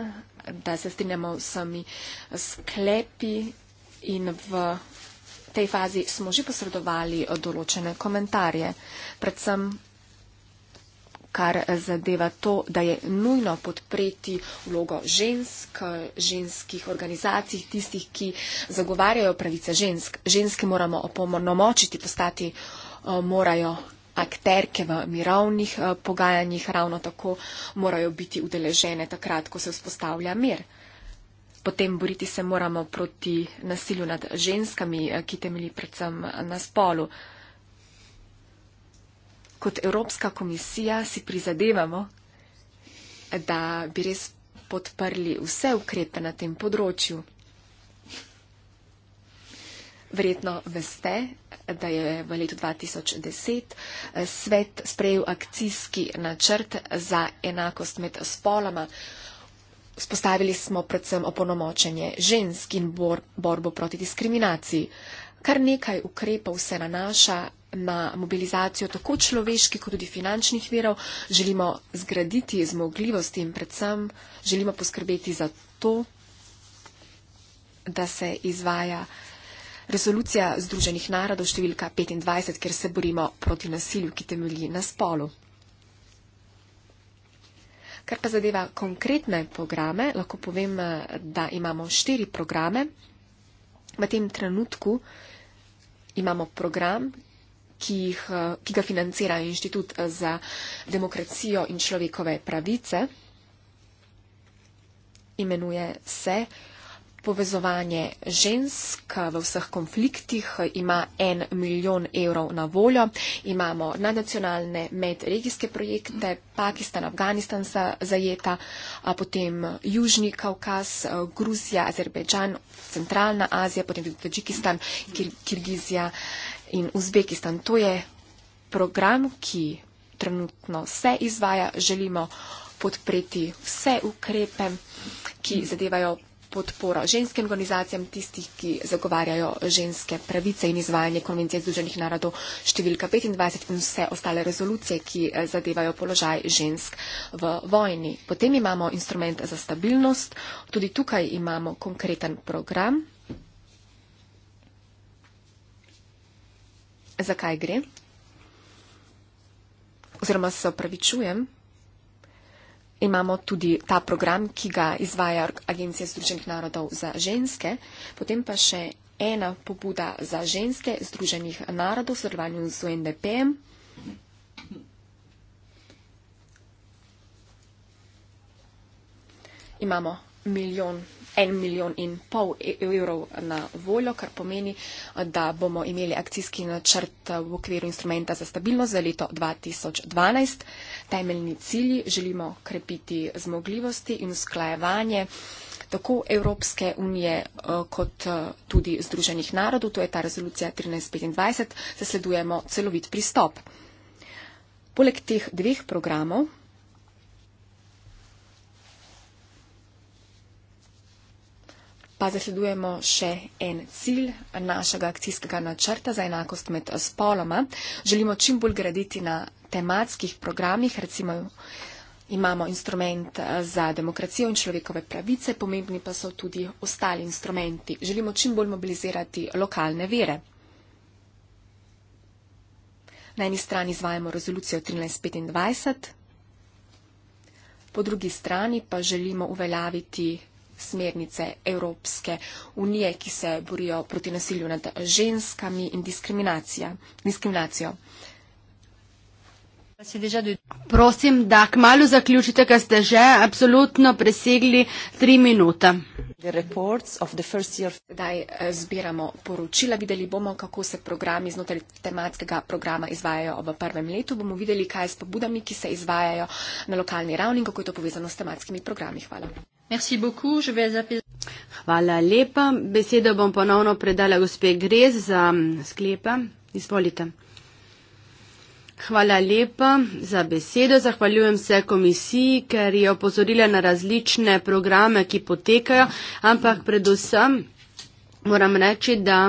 da se strinjamo vsemi sklepi in v tej fazi smo že posredovali določene komentarje, predvsem kar zadeva to, da je nujno podpreti vlogo žensk, ženskih organizacij, tistih, ki zagovarjajo pravice žensk. Ženske moramo opomornomočiti, postati eh, morajo akterke v mirovnih eh, pogajanjih ravno tako morajo biti udeležene takrat, ko se vzpostavlja mir. Potem boriti se moramo proti nasilju nad ženskami, eh, ki temeli predvsem na spolu. Kot Evropska komisija si prizadevamo, da bi res podprli vse ukrepe na tem področju. Verjetno veste, da je v letu 2010 eh, svet sprejel akcijski načrt za enakost med spoloma. Spostavili smo predvsem oponomočenje žensk in bor, borbo proti diskriminaciji. Kar nekaj ukrepov se nanaša na mobilizacijo tako človeških kot tudi finančnih verov. Želimo zgraditi zmogljivosti in predvsem želimo poskrbeti za to, da se izvaja resolucija Združenih narodov številka 25, ker se borimo proti nasilju, ki temelji na spolu. Kar pa zadeva konkretne programe, lahko povem, eh, da imamo štiri programe. V tem trenutku imamo program, ki, jih, eh, ki ga financira Inštitut eh, za demokracijo in človekove pravice. Imenuje se povezovanje žensk v vseh konfliktih ima en milijon evrov na voljo. Imamo nadnacionalne medregijske projekte, Pakistan, Afganistan za, zajeta, potem Južni Kaukaz, Gruzija, Azerbejdžan, Centralna Azija, potem tudi Tadžikistan, Kir Kirgizija in Uzbekistan. To je program, ki trenutno se izvaja. Želimo podpreti vse ukrepe, ki zadevajo podpora ženskim organizacijam, tistih, ki zagovarjajo ženske pravice in izvajanje konvencije Združenih narodov številka 25 in vse ostale rezolucije, ki eh, zadevajo položaj žensk v vojni. Potem imamo instrument za stabilnost, tudi tukaj imamo konkreten program. Zakaj gre? Oziroma se opravičujem imamo tudi ta program, ki ga izvaja Agencija Združenih narodov za ženske, potem pa še ena pobuda za ženske Združenih narodov v sodelovanju z UNDP-em. Imamo milijon en milijon in pol e- evrov na voljo, kar pomeni, da bomo imeli akcijski načrt v okviru instrumenta za stabilnost za leto 2012. Temeljni cilji želimo krepiti zmogljivosti in usklajevanje tako Evropske unije eh, kot eh, tudi Združenih narodov, to je ta rezolucija 1325, zasledujemo celovit pristop. Poleg teh dveh programov pa zasledujemo še en cilj našega akcijskega načrta za enakost med spoloma. Želimo čim bolj graditi na tematskih programih, recimo imamo instrument eh, za demokracijo in človekove pravice, pomembni pa so tudi ostali instrumenti. Želimo čim bolj mobilizirati lokalne vere. Na eni strani izvajamo rezolucijo 1325, po drugi strani pa želimo uveljaviti smernice Evropske unije, ki se borijo proti nasilju nad ženskami in diskriminacijo. Prosim, da k malu zaključite, ker ste že absolutno presegli tri minuta. Zdaj eh, zbiramo poročila, videli bomo, kako se programi znotraj tematskega programa izvajajo v prvem letu. Bomo videli, kaj je s pobudami, ki se izvajajo na lokalni ravni in kako je to povezano s tematskimi programi. Hvala. Merci beaucoup, je vais appeler... Hvala lepa. Besedo bom ponovno predala gospe Grez za sklepa. Izvolite. Hvala lepa za besedo. Zahvaljujem se komisiji, ker je opozorila na različne programe, ki potekajo, ampak predvsem. Moram reči, da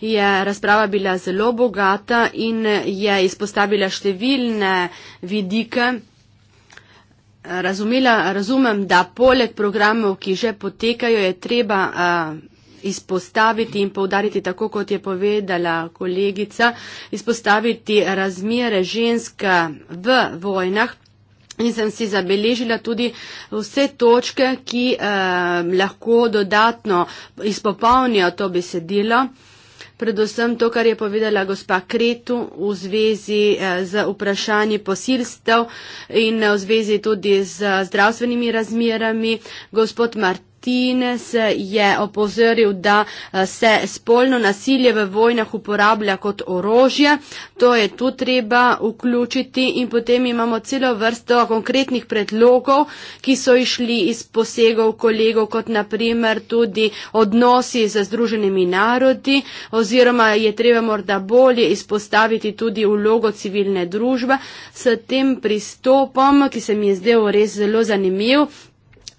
je razprava bila zelo bogata in je izpostavila številne vidike razumela, razumem, da poleg programov, ki že potekajo, je treba a, izpostaviti in povdariti, tako kot je povedala kolegica, izpostaviti razmere ženska v vojnah. In sem si zabeležila tudi vse točke, ki eh, lahko dodatno izpopolnijo to besedilo predvsem to, kar je povedala gospa Kretu v zvezi eh, z vprašanji posilstev in eh, v zvezi tudi z zdravstvenimi razmerami. Gospod Martin. Martinez je opozoril, da eh, se spolno nasilje v vojnah uporablja kot orožje. To je tu treba vključiti in potem imamo celo vrsto konkretnih predlogov, ki so išli iz posegov kolegov, kot naprimer tudi odnosi z Združenimi narodi oziroma je treba morda bolje izpostaviti tudi vlogo civilne družbe s tem pristopom, ki se mi je zdel res zelo zanimiv.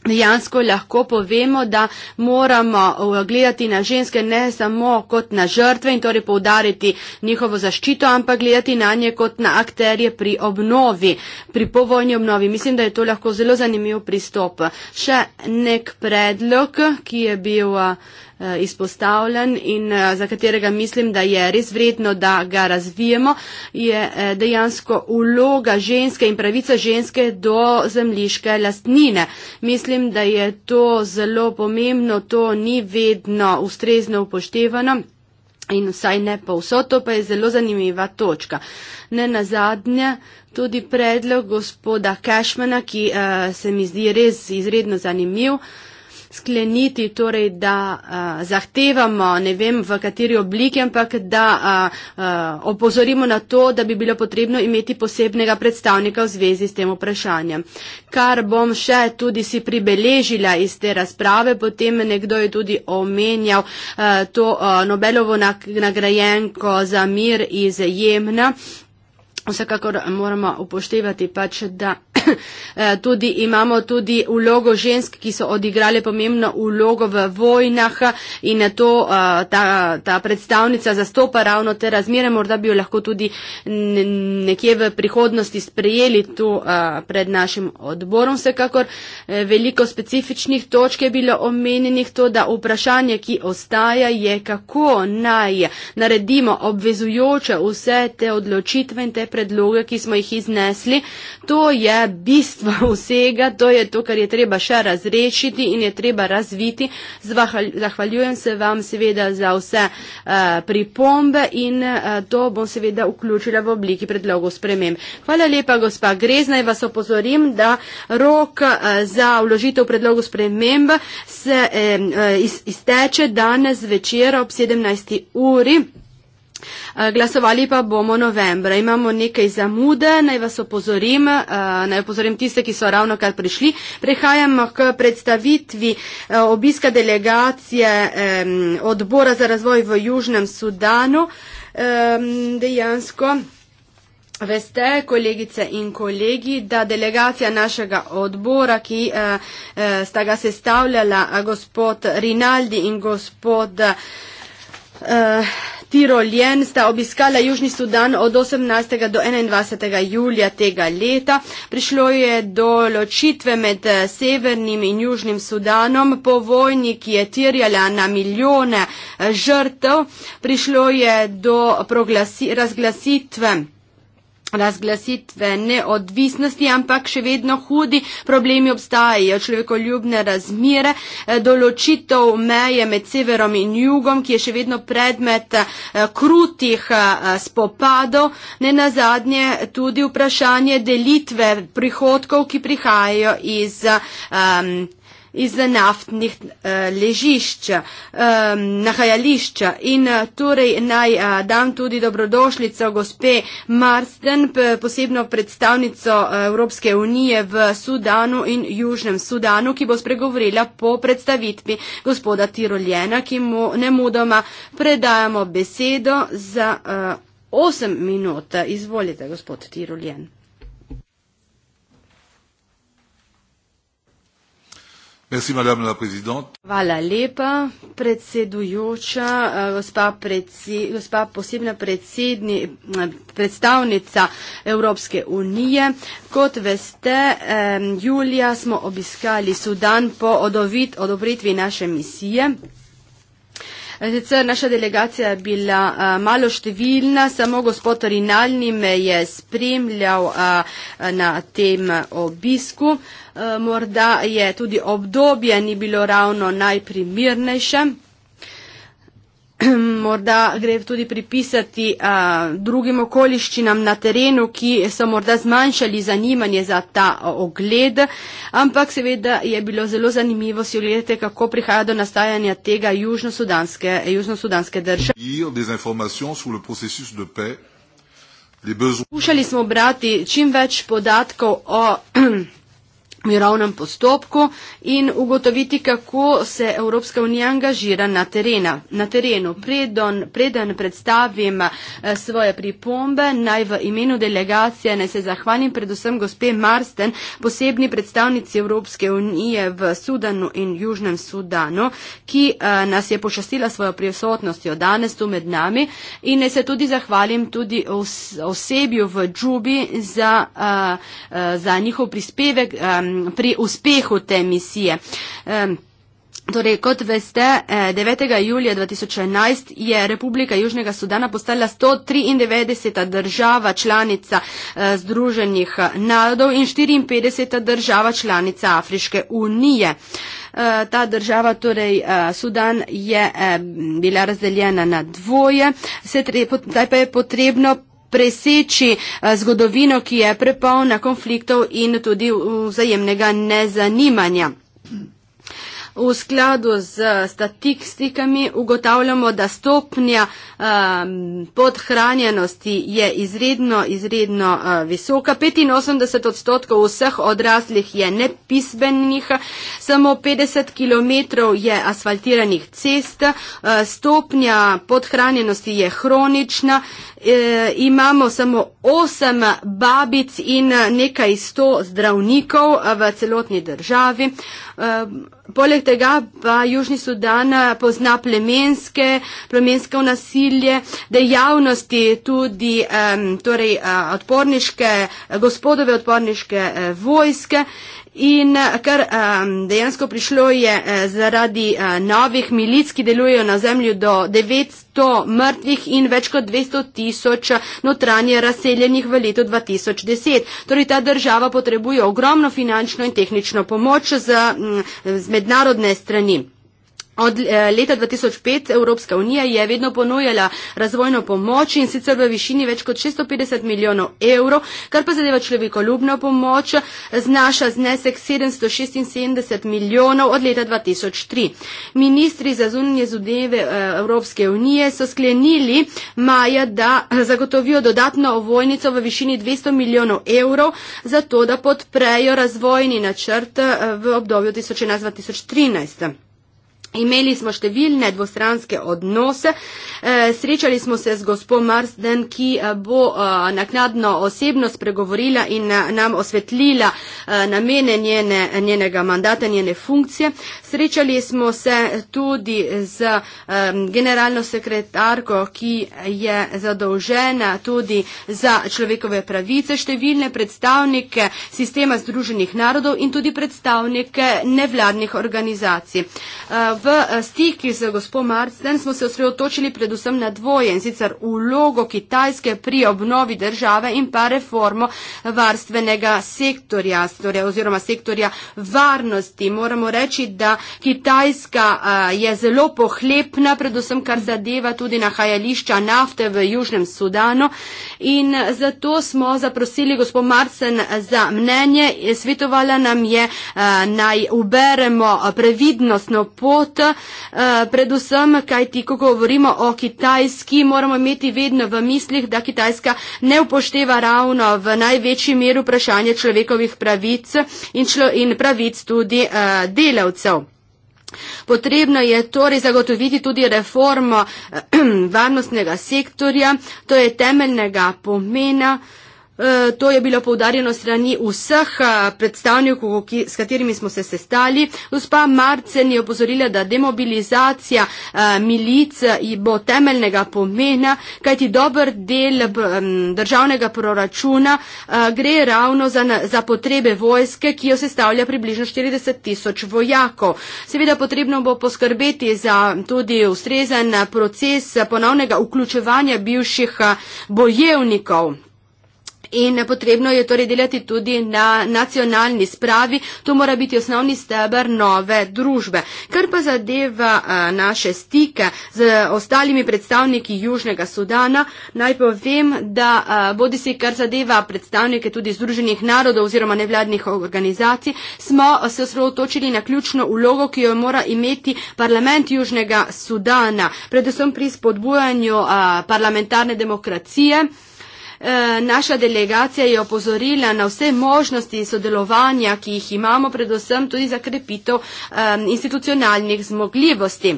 Dejansko lahko povemo, da moramo uh, gledati na ženske ne samo kot na žrtve in torej povdariti njihovo zaščito, ampak gledati na nje kot na akterje pri obnovi, pri povojni obnovi. Mislim, da je to lahko zelo zanimiv pristop. Še nek predlog, ki je bil. Uh, Eh, izpostavljen in eh, za katerega mislim, da je res vredno, da ga razvijemo, je eh, dejansko vloga ženske in pravica ženske do zemljiške lastnine. Mislim, da je to zelo pomembno, to ni vedno ustrezno upoštevano. In vsaj ne pa vso, to pa je zelo zanimiva točka. Ne na zadnje, tudi predlog gospoda Cashmana, ki uh, se mi zdi res izredno zanimiv, uh, skleniti, torej, da uh, zahtevamo, ne vem v kateri obliki, ampak da uh, uh, opozorimo na to, da bi bilo potrebno imeti posebnega predstavnika v zvezi s tem vprašanjem. Kar bom še tudi si pribeležila iz te razprave, potem nekdo je tudi omenjal uh, to uh, Nobelovo nagrajenko za mir iz Jemna. Uh, Vsekakor moramo upoštevati pač, da eh, tudi imamo tudi vlogo žensk, ki so odigrale pomembno vlogo v vojnah in to eh, ta, ta predstavnica zastopa ravno te razmere. Morda bi jo lahko tudi nekje v prihodnosti sprejeli tu eh, pred našim odborom. Vsekakor veliko specifičnih točk je bilo omenjenih. To, da vprašanje, ki ostaja, je, kako naj naredimo obvezujoče vse te odločitve in te predloge, ki smo jih iznesli. To je bistvo vsega, to je to, kar je treba še razrešiti in je treba razviti. Zvahal, zahvaljujem se vam seveda za vse uh, pripombe in uh, to bom seveda vključila v obliki predlogov sprememb. Hvala lepa, gospa Greznaj, vas opozorim, da rok uh, za vložitev predlogov sprememb se uh, iz, izteče danes večera ob 17. uri. Eh, glasovali pa bomo novembra. Imamo nekaj zamude, naj vas opozorim, eh, naj opozorim tiste, ki so ravno kar prišli. Prehajamo k predstavitvi eh, obiska delegacije odbora za razvoj v Južnem Sudanu. Dejansko. Veste, kolegice in kolegi, da delegacija našega odbora, ki eh, sta ga sestavljala gospod Rinaldi in gospod. Eh, Tirolien sta obiskala Južni Sudan od 18. do 21. julija tega leta. Prišlo je do ločitve med eh, Severnim in Južnim Sudanom po vojni, ki je tirjala na milijone eh, žrtev. Prišlo je do razglasitve razglasitve neodvisnosti, ampak še vedno hudi problemi obstajajo. Človekoljubne razmire, eh, določitev meje med severom in jugom, ki je še vedno predmet eh, krutih eh, spopadov, ne nazadnje tudi vprašanje delitve prihodkov, ki prihajajo iz. Um, iz naftnih eh, ležišč, eh, nahajališča. In eh, torej naj dam tudi dobrodošljico gospe Marsden, posebno predstavnico Evropske unije v Sudanu in Južnem Sudanu, ki bo spregovorila po predstavitvi gospoda Tiroljena, ki mu nemudoma predajamo besedo za 8 minut. Izvolite, gospod Tiroljen. Hvala lepa, predsedujoča, eh, gospa, predsed, gospa posebna predsedni, predstavnica Evropske unije. Kot veste, julija smo obiskali Sudan po odovit, odobritvi naše misije. Sicer naša delegacija je bila a, eh, malo številna, samo gospod Rinalni me je spremljal a, eh, a, na tem obisku. A, Eh, morda je tudi obdobje ni bilo ravno najprimirnejše. Morda gre tudi pripisati a, eh, drugim okoliščinam na terenu, ki so morda zmanjšali zanimanje za ta eh, ogled, ampak seveda je bilo zelo zanimivo si ogledati, kako prihaja do nastajanja tega južnosudanske, južnosudanske države. Poskušali smo brati čim več podatkov o mirovnem postopku in ugotoviti, kako se Evropska unija angažira na, terena, na terenu. Predon, preden predstavim eh, svoje pripombe, naj v imenu delegacije naj se zahvalim predvsem gospe Marsten, posebni predstavnici Evropske unije v Sudanu in Južnem Sudanu, ki eh, nas je pošastila svojo prisotnostjo danes tu med nami in naj se tudi zahvalim tudi osebju v Džubi za, eh, za njihov prispevek pri uspehu te misije. Torej, kot veste, 9. Eh, julija 2011 je Republika Južnega Sudana postala 193. država članica eh, Združenih narodov in 54. država članica Afriške unije. Eh, ta država, torej Sudan, je bila razdeljena na dvoje, se trepo, taj pa je potrebno preseči eh, zgodovino, ki je prepolna konfliktov in tudi vzajemnega nezanimanja. V skladu z statistikami ugotavljamo, da stopnja um, podhranjenosti je izredno, izredno uh, visoka. 85 odstotkov vseh odraslih je nepismenih, samo 50 km je asfaltiranih cest, uh, stopnja podhranjenosti je kronična, uh, eh, imamo samo osem babic in nekaj sto zdravnikov v celotni državi. Eh, Poleg tega pa Južni Sudan pozna plemenske, plemensko nasilje, dejavnosti tudi eh, torej, eh, odporniške, gospodove odporniške eh, vojske. Eh, In eh, kar um, dejansko prišlo je eh, zaradi uh, novih milic, ki delujejo na zemlju do 900 mrtvih in več kot 200 tisoč notranje razseljenih v letu 2010. Torej ta država potrebuje ogromno finančno in tehnično pomoč z, m, mm, z mednarodne strani. Od eh, leta 2005 Evropska unija je vedno ponujala razvojno pomoč in sicer v višini več kot 650 milijonov evrov, kar pa zadeva človekoljubno pomoč, znaša znesek 776 milijonov od leta 2003. Ministri za zunanje zudeve eh, Evropske unije so sklenili maja, da zagotovijo dodatno ovojnico v višini 200 milijonov evrov za to, da podprejo razvojni načrt eh, v obdobju 2011-2013. Imeli smo številne dvostranske odnose, eh, srečali smo se z gospod Marsden, ki eh, bo eh, naknadno osebno spregovorila in nam osvetlila namene njene, njenega mandata, njene funkcije. Srečali smo se tudi z generalno sekretarko, ki je zadolžena tudi za človekove pravice, številne predstavnike sistema Združenih narodov in tudi predstavnike nevladnih organizacij. V v eh, stiki z gospod Marsden smo se osredotočili predvsem na dvoje in sicer vlogo Kitajske pri obnovi države in pa reformo varstvenega sektorja torej, oziroma sektorja varnosti. Moramo reči, da Kitajska eh, je zelo pohlepna, predvsem kar zadeva tudi nahajališča nafte v Južnem Sudanu in eh, zato smo zaprosili gospod Marsden za mnenje. Svetovala nam je, naj uberemo previdnostno pot pot, eh, predvsem kaj ti, ko govorimo o Kitajski, moramo imeti vedno v mislih, da Kitajska ne upošteva ravno v največji meri vprašanje človekovih pravic in, člo, in pravic tudi eh, delavcev. Potrebno je torej zagotoviti tudi reformo eh, varnostnega sektorja, to je temeljnega pomena. Eh, to je bilo poudarjeno strani vseh eh, predstavnikov, s katerimi smo se sestali. Gospa Marcen je opozorila, da demobilizacija eh, milic bo temeljnega pomena, kajti dober del državnega proračuna gre ravno za, za potrebe vojske, ki jo sestavlja približno 40 tisoč vojakov. Seveda potrebno bo poskrbeti za tudi ustrezen proces ponovnega vključevanja bivših bojevnikov in potrebno je torej delati tudi na nacionalni spravi, to mora biti osnovni steber nove družbe. Kar pa zadeva naše stike z ostalimi predstavniki Južnega Sudana, naj povem, da bodi si kar zadeva predstavnike tudi Združenih narodov oziroma nevladnih organizacij, smo se osredotočili na ključno ulogo, ki jo mora imeti parlament Južnega Sudana, predvsem pri spodbujanju parlamentarne demokracije. Eh, naša delegacija je opozorila na vse možnosti sodelovanja, ki jih imamo predvsem tudi za krepitev eh, institucionalnih zmogljivosti.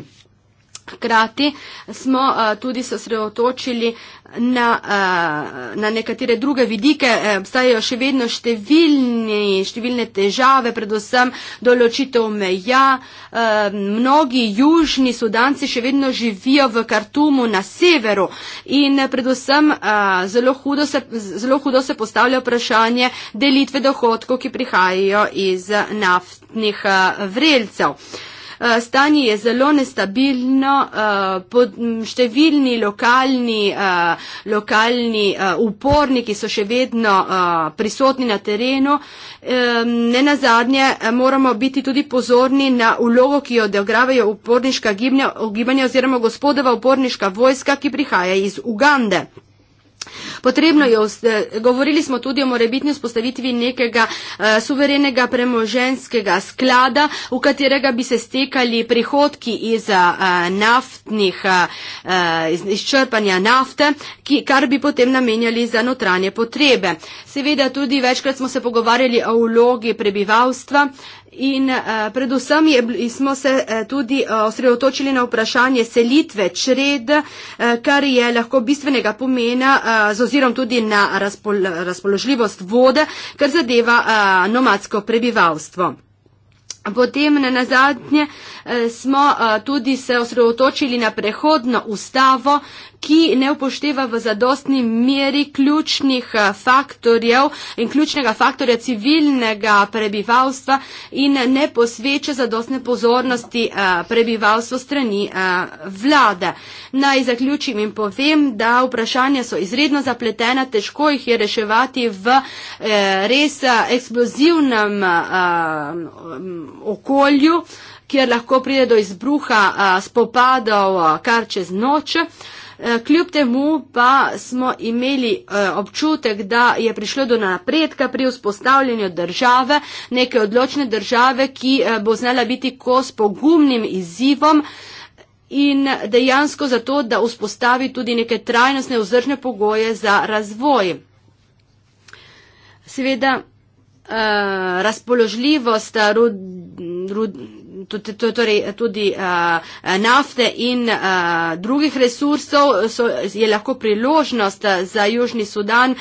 Hkrati smo eh, tudi se osredotočili na, eh, na nekatere druge vidike. Eh, obstajajo še vedno številni, številne težave, predvsem določitev meja. Mnogi južni sudanci še vedno živijo v Kartumu na severu in predvsem zelo hudo se, zelo hudo se postavlja vprašanje delitve dohodkov, ki prihajajo iz naftnih vreljcev. Eh, stanje je zelo nestabilno, eh, pod številni lokalni, eh, lokalni uporniki so še vedno prisotni na terenu. Ne na zadnje moramo biti tudi pozorni na ulogo, ki jo odegravajo uporniška gibanja oziroma gospodova uporniška vojska, ki prihaja iz Ugande. Potrebno je, eh, govorili smo tudi o morebitni vzpostavitvi nekega eh, suverenega premoženskega sklada, v katerega bi se stekali prihodki iz, eh, naftnih, eh, iz, iz črpanja nafte, ki, kar bi potem namenjali za notranje potrebe. Seveda tudi večkrat smo se pogovarjali o vlogi prebivalstva, In eh, predvsem je, smo se eh, tudi eh, osredotočili na vprašanje selitve čred, eh, kar je lahko bistvenega pomena eh, z ozirom tudi na razpol, razpoložljivost vode, kar zadeva eh, nomadsko prebivalstvo. Potem na nazadnje eh, Eh, smo eh, tudi se osredotočili na prehodno ustavo, ki ne upošteva v zadostni meri ključnih eh, faktorjev in ključnega faktorja civilnega prebivalstva in ne posveča zadostne pozornosti prebivalstvo strani vlade. Naj zaključim in povem, da vprašanja so izredno zapletena, težko jih je reševati v res eksplozivnem okolju kjer lahko pride do izbruha spopadov kar čez noč. E, kljub temu pa smo imeli e, občutek, da je prišlo do napredka pri vzpostavljanju države, neke odločne države, ki e, bo znala biti kos pogumnim izzivom in dejansko zato, da vzpostavi tudi neke trajnostne vzdržne pogoje za razvoj. Seveda, razpoložljivost rud, rud, torej eh, tudi eh, nafte in eh, drugih resursov so, je lahko priložnost za Južni Sudan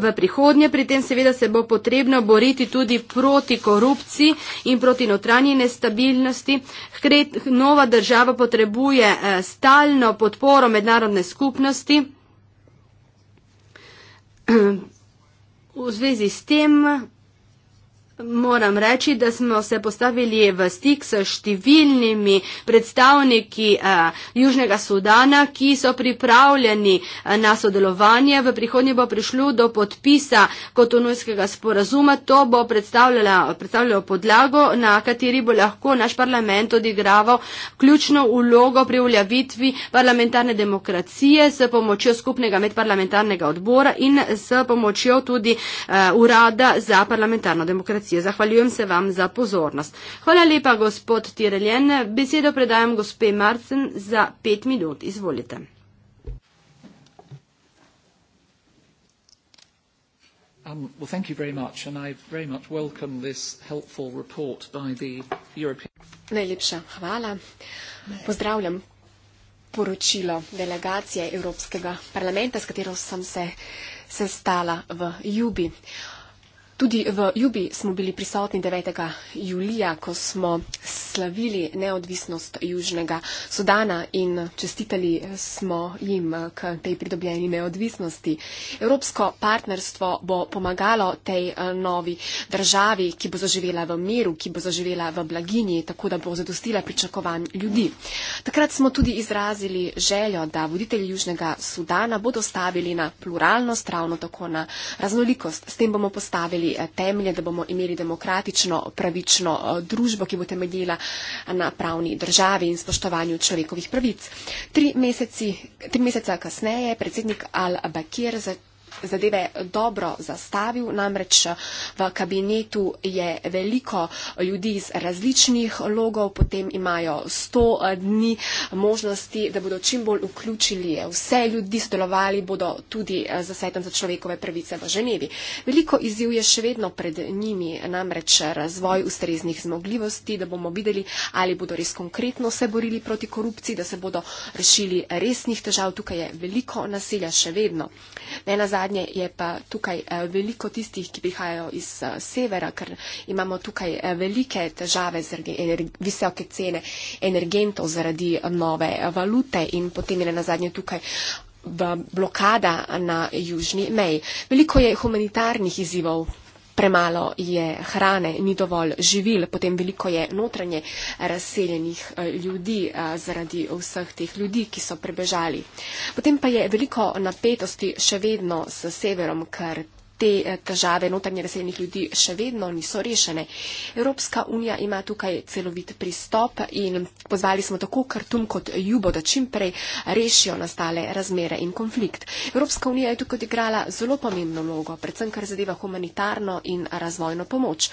v prihodnje. Pri tem seveda se bo potrebno boriti tudi proti korupciji in proti notranji nestabilnosti. Nova država potrebuje stalno podporo mednarodne skupnosti. V zvezi s tem. Moram reči, da smo se postavili v stik s številnimi predstavniki eh, Južnega Sudana, ki so pripravljeni eh, na sodelovanje. V prihodnje bo prišlo do podpisa kotonujskega sporazuma. To bo predstavljalo podlago, na kateri bo lahko naš parlament odigraval ključno ulogo pri uljavitvi parlamentarne demokracije s pomočjo skupnega medparlamentarnega odbora in s pomočjo tudi eh, urada za parlamentarno demokracijo emisije. Zahvaljujem se vam za pozornost. Hvala lepa, gospod Tireljen. Besedo predajam gospe Marcen za pet minut. Izvolite. Um, well, thank you very much and I very much welcome this helpful report by the European... Najlepša hvala. Pozdravljam poročilo delegacije Evropskega parlamenta, s katero sem se sestala v Ljubi. Uh, Tudi v Jubi smo bili prisotni 9. julija, ko smo slavili neodvisnost Južnega Sudana in čestitali smo jim k tej pridobljeni neodvisnosti. Evropsko partnerstvo bo pomagalo tej eh, novi državi, ki bo zaživela v miru, ki bo zaživela v blaginji, tako da bo zadostila pričakovanj ljudi. Takrat smo tudi izrazili željo, da voditelji Južnega Sudana bodo stavili na pluralnost, ravno tako na raznolikost. S tem bomo postavili Eh, temelje, da bomo imeli demokratično, pravično eh, družbo, ki bo temeljila na pravni državi in spoštovanju človekovih pravic. Tri, meseci, tri meseca kasneje je predsednik Al-Bakir začel zadeve dobro zastavil, namreč v kabinetu je veliko ljudi iz različnih logov, potem imajo 100 eh, dni možnosti, da bodo čim bolj vključili eh, vse ljudi, sodelovali bodo tudi eh, za svetom za človekove pravice v Ženevi. Veliko izjiv je še vedno pred njimi, namreč razvoj ustreznih zmogljivosti, da bomo videli, ali bodo res konkretno se borili proti korupciji, da se bodo rešili resnih težav, tukaj je veliko nasilja še vedno. Ne nazaj, zadnje je pa tukaj eh, veliko tistih, ki prihajajo iz eh, severa, ker imamo tukaj eh, velike težave z visoke cene energentov zaradi nove valute in potem je na zadnje tukaj blokada na južni meji. Veliko je humanitarnih izzivov premalo je hrane, ni dovolj živil, potem veliko je notranje razseljenih eh, ljudi eh, zaradi vseh teh ljudi, ki so prebežali. Potem pa je veliko napetosti še vedno s severom, ker te eh, težave notranje razseljenih ljudi še vedno niso rešene. Evropska unija ima tukaj celovit pristop in pozvali smo tako Kartum kot Jubo, da čimprej rešijo nastale razmere in konflikt. Evropska unija je tukaj odigrala zelo pomembno vlogo, predvsem kar zadeva humanitarno in razvojno pomoč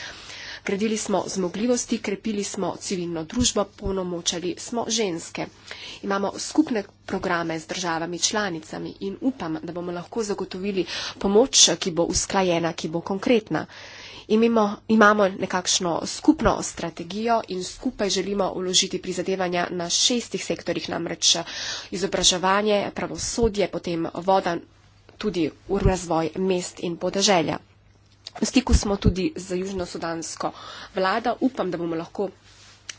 gradili smo zmogljivosti, krepili smo civilno družbo, ponomočali smo ženske. Imamo skupne programe z državami članicami in upam, da bomo lahko zagotovili pomoč, ki bo usklajena, ki bo konkretna. Imamo, imamo nekakšno skupno strategijo in skupaj želimo uložiti prizadevanja na šestih sektorjih, namreč izobraževanje, pravosodje, potem voda, tudi v razvoj mest in podeželja. V stiku smo tudi z južno sudansko vlado. Upam, da bomo lahko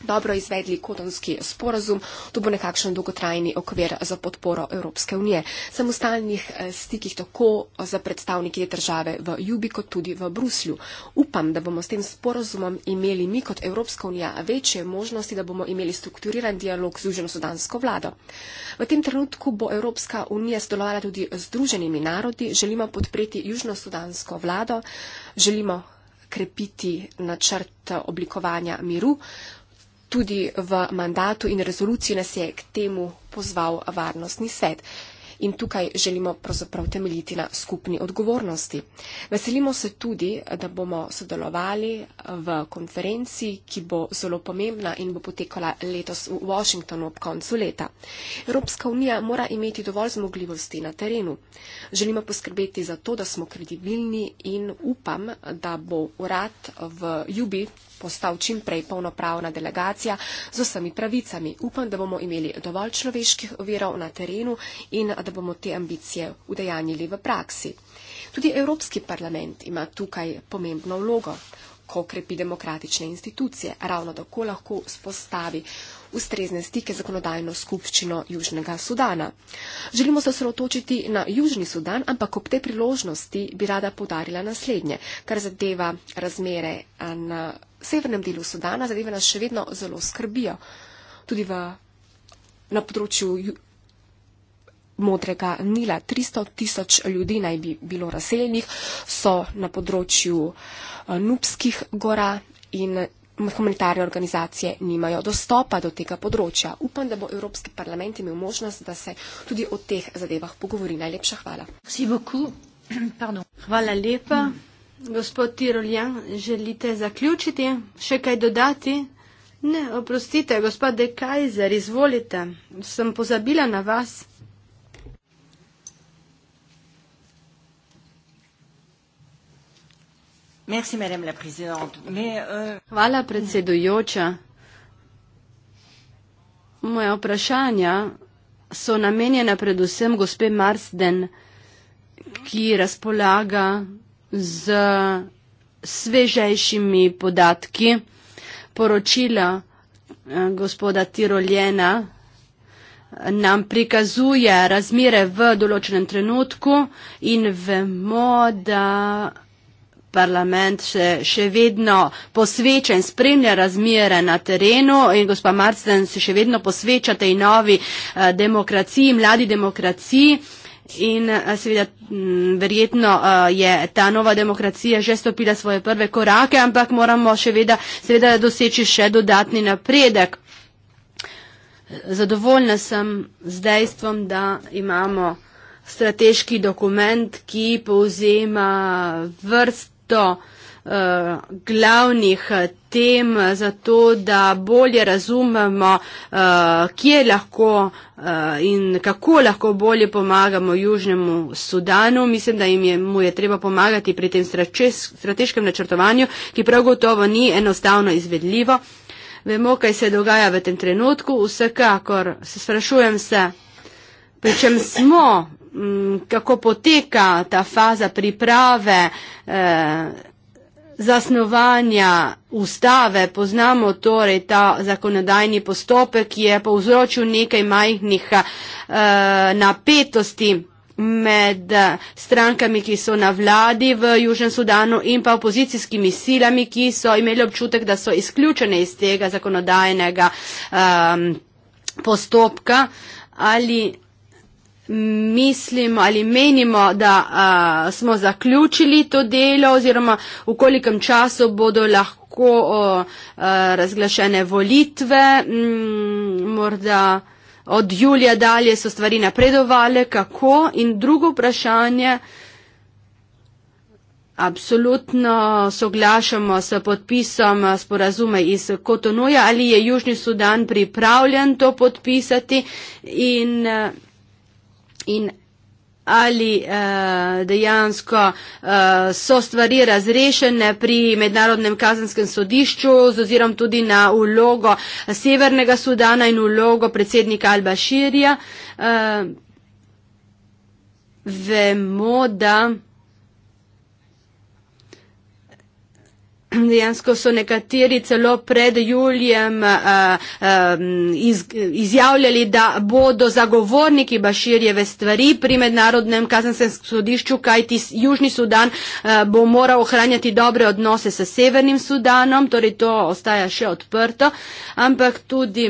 dobro izvedli kodonski sporazum. To bo nekakšen dolgotrajni okvir za podporo Evropske unije. Samostalnih eh, stikih tako za predstavniki te države v Jubi kot tudi v Bruslju. Upam, da bomo s tem sporazumom imeli mi kot Evropska unija večje možnosti, da bomo imeli strukturiran dialog z Južno Sudansko vlado. V tem trenutku bo Evropska unija sodelovala tudi z druženimi narodi. Želimo podpreti Južno Sudansko vlado. Želimo krepiti načrt oblikovanja miru tudi v mandatu in rezoluciji nas je k temu pozval Varnostni svet in tukaj želimo pravzaprav temeljiti na skupni odgovornosti. Veselimo se tudi, da bomo sodelovali v konferenci, ki bo zelo pomembna in bo potekala letos v Washingtonu ob koncu leta. Evropska unija mora imeti dovolj zmogljivosti na terenu. Želimo poskrbeti za to, da smo kredibilni in upam, da bo urad v Jubi postal čim prej polnopravna delegacija z vsemi pravicami. Upam, da bomo imeli dovolj človeških verov na terenu in da da bomo te ambicije udejanjili v praksi. Tudi Evropski parlament ima tukaj pomembno vlogo, ko krepi demokratične institucije, ravno tako lahko spostavi ustrezne stike zakonodajno skupščino Južnega Sudana. Želimo se osredotočiti na Južni Sudan, ampak ob tej priložnosti bi rada podarila naslednje, kar zadeva razmere na severnem delu Sudana, zadeve nas še vedno zelo skrbijo. Tudi v, na področju modrega Nila. 300 tisoč ljudi naj bi bilo razseljenih, so na področju eh, Nubskih gora in humanitarne organizacije nimajo dostopa do tega področja. Upam, da bo Evropski parlament imel možnost, da se tudi o teh zadevah pogovori. Najlepša hvala. Hvala lepa. Gospod Tiroljan, želite zaključiti? Še kaj dodati? Ne, oprostite, gospod Dekajzer, izvolite. Sem pozabila na vas. Euh, Hvala, predsedujoča. Moja vprašanja so namenjena predvsem gospe Marsden, ki razpolaga z svežejšimi podatki poročila eh, gospoda Tiroljena nam prikazuje razmere v določenem trenutku in vemo, da parlament še, še vedno posveča in spremlja razmire na terenu in gospa Marsden se še vedno posveča tej novi eh, demokraciji, mladi demokraciji. In eh, seveda, mm, verjetno eh, je ta nova demokracija že stopila svoje prve korake, ampak moramo še veda, seveda doseči še dodatni napredek. Zadovoljna sem z dejstvom, da imamo strateški dokument, ki povzema vrst do uh, glavnih eh, tem za to, da bolje razumemo, uh, kje lahko uh, in kako lahko bolje pomagamo Južnemu Sudanu. Mislim, da jim je, mu je treba pomagati pri tem strateškem načrtovanju, ki prav gotovo ni enostavno izvedljivo. Vemo, kaj se dogaja v tem trenutku. Vsekakor se sprašujem se, pri čem smo Mm, kako poteka ta faza priprave, eh, zasnovanja ustave. Poznamo torej ta zakonodajni postopek, ki je povzročil nekaj majhnih eh, napetosti med eh, strankami, ki so na vladi v Južnem Sudanu in pa opozicijskimi silami, ki so imeli občutek, da so izključene iz tega zakonodajnega eh, postopka. Ali mislimo ali menimo, da a, smo zaključili to delo oziroma v kolikem času bodo lahko o, a, razglašene volitve. Mm, morda od julija dalje so stvari napredovale, kako in drugo vprašanje. Absolutno soglašamo s podpisom sporazume iz Kotonuja, ali je Južni Sudan pripravljen to podpisati in a, in ali uh, dejansko uh, so stvari razrešene pri mednarodnem kazenskem sodišču z ozirom tudi na ulogo Severnega Sudana in ulogo predsednika Al-Bashirja. Uh, eh, vemo, da. dejansko so nekateri celo pred Julijem uh, um, iz, izjavljali, da bodo zagovorniki Baširjeve stvari pri mednarodnem kazenskem sodišču, kajti Južni Sudan uh, bo moral ohranjati dobre odnose s Severnim Sudanom, torej to ostaja še odprto, ampak tudi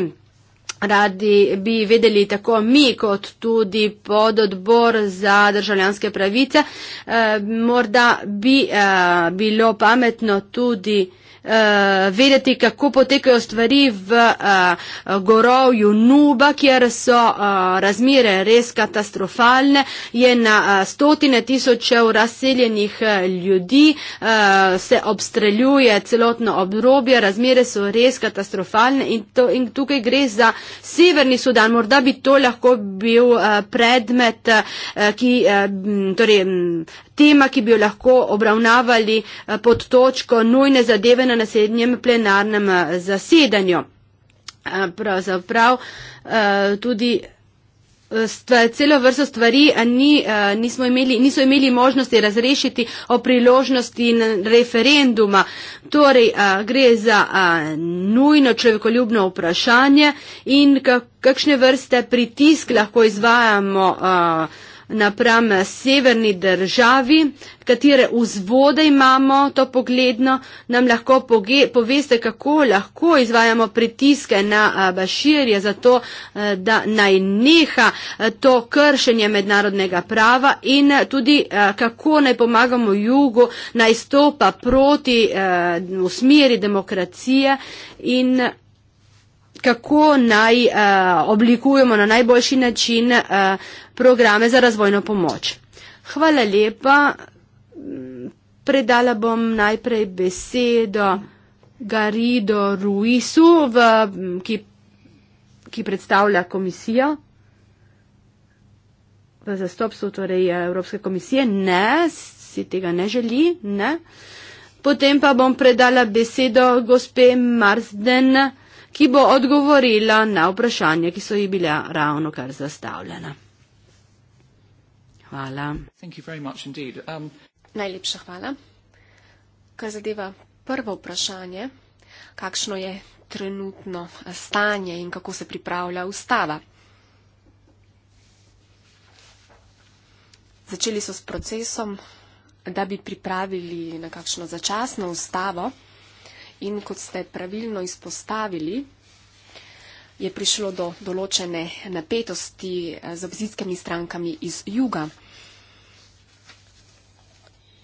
radi bi vedeli tako mi kot tudi pod odbor za državljanske pravice. Eh, morda bi eh, bilo pametno tudi Eh, vedeti, kako potekajo stvari v uh, gorovju Nuba, kjer so uh, eh, razmire res katastrofalne. Je na uh, stotine tisočev razseljenih ljudi, uh, se obstreljuje celotno obrobje, razmire so res katastrofalne in, to, in tukaj gre za severni Sudan. Morda bi to lahko bil uh, predmet, uh, ki, uh, torej, tema, ki bi jo lahko obravnavali eh, pod točko nujne zadeve na naslednjem plenarnem eh, zasedanju. Eh, pravzaprav tudi. Stvar, celo vrsto stvari ni, nismo imeli, niso imeli možnosti razrešiti o priložnosti referenduma. Torej, gre za nujno človekoljubno vprašanje in kakšne vrste pritisk lahko izvajamo. A, napram eh, severni državi, katere vzvode imamo to pogledno, nam lahko poveste, kako lahko izvajamo pritiske na eh, Baširje za to, eh, da naj neha to kršenje mednarodnega prava in tudi kako naj pomagamo jugu, naj stopa proti v smeri demokracije in kako naj uh, oblikujemo na najboljši način uh, programe za razvojno pomoč. Hvala lepa. Predala bom najprej besedo Garido Ruisu, v, ki, ki predstavlja komisijo. V zastopstvu torej eh, Evropske komisije ne, si tega ne želi, ne. Potem pa bom predala besedo gospe Marsden ki bo odgovorila na vprašanja, ki so ji bila ravno kar zastavljena. Hvala. Um... Najlepša hvala. Kar zadeva prvo vprašanje, kakšno je trenutno stanje in kako se pripravlja ustava. Začeli so s procesom, da bi pripravili na kakšno začasno ustavo in kot ste pravilno izpostavili, je prišlo do določene napetosti eh, z obzitskimi strankami iz juga.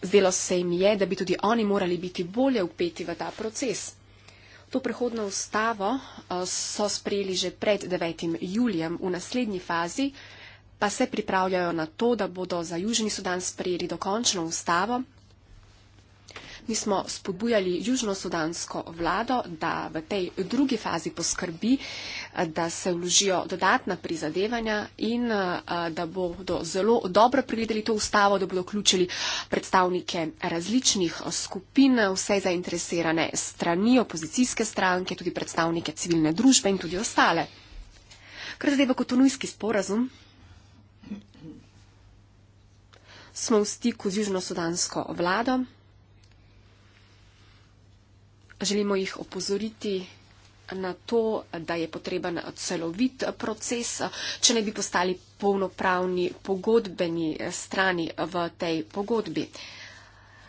Zdelo se jim je, da bi tudi oni morali biti bolje upeti v ta proces. To prehodno ustavo eh, so sprejeli že pred 9. julijem v naslednji fazi, pa se pripravljajo na to, da bodo za Južni Sudan sprejeli dokončno ustavo Mi smo spodbujali južnosudansko vlado, da v tej drugi fazi poskrbi, da se vložijo dodatna prizadevanja in eh, da bodo zelo dobro prevedeli to ustavo, da bodo vključili predstavnike različnih skupin, vse zainteresirane strani, opozicijske stranke, tudi predstavnike civilne družbe in tudi ostale. Kar zadeva kotonujski sporazum, smo v stiku z južnosudansko vlado. Želimo jih opozoriti na to, da je potreben celovit proces, če ne bi postali polnopravni pogodbeni strani v tej pogodbi.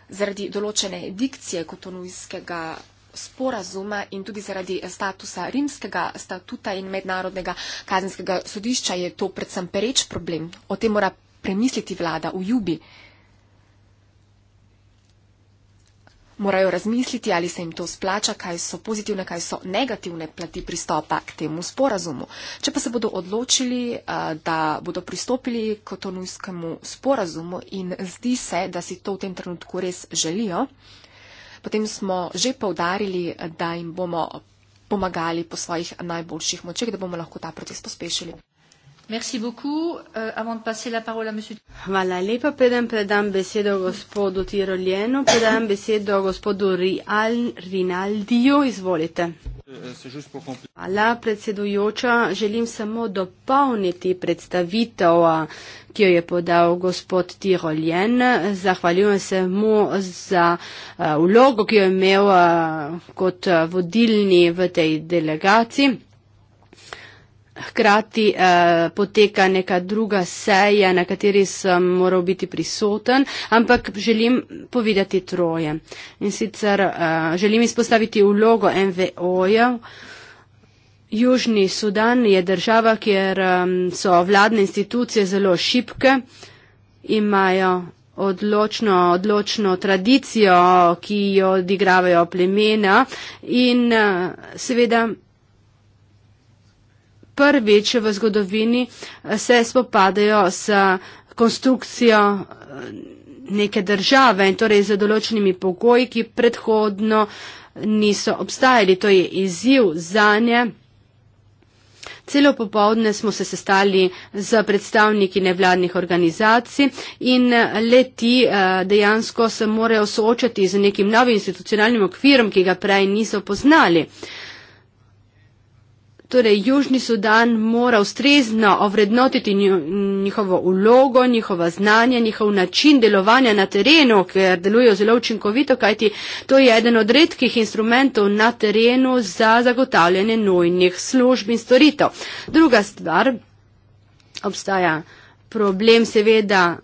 Zaradi določene dikcije kotonujskega sporazuma in tudi zaradi statusa rimskega statuta in mednarodnega kazenskega sodišča je to predvsem pereč problem. O tem mora premisliti vlada v Jubi. morajo razmisliti, ali se jim to splača, kaj so pozitivne, kaj so negativne plati pristopa k temu sporazumu. Če pa se bodo odločili, eh, da bodo pristopili k tonujskemu sporazumu in zdi se, da si to v tem trenutku res želijo, potem smo že povdarili, da jim bomo pomagali po svojih najboljših močeh, da bomo lahko ta proces pospešili. Merci beaucoup. Uh, avant de passer la parole à monsieur. Hvala lepa, preden predam besedo gospodu Tirolienu, predam besedo gospodu Rial Rinaldiju, izvolite. Hvala, predsedujoča. Želim samo dopolniti predstavitev, ki jo je podal gospod Tirolien. Zahvaljujem se mu za vlogo, ki jo je imel kot vodilni v tej delegaciji. Hkrati eh, poteka neka druga seja, na kateri sem moral biti prisoten, ampak želim povedati troje. In sicer eh, želim izpostaviti vlogo NVO-ja. Južni Sudan je država, kjer eh, so vladne institucije zelo šipke, imajo odločno, odločno tradicijo, ki jo odigravajo plemena in eh, seveda prvič v zgodovini eh, se spopadajo s konstrukcijo eh, neke države in torej z določenimi pogoji, ki predhodno niso obstajali. To je izziv za nje. Celo popovdne smo se sestali z predstavniki nevladnih organizacij in eh, le ti dejansko se morajo soočati z nekim novim institucionalnim okvirom, ki ga prej niso poznali. Uh, Torej, Južni Sudan mora ustrezno ovrednotiti njihovo ulogo, njihova znanja, njihov način delovanja na terenu, ker delujejo zelo učinkovito, kajti to je eden od redkih instrumentov na terenu za zagotavljanje nujnih služb in storitev. Druga stvar, obstaja problem seveda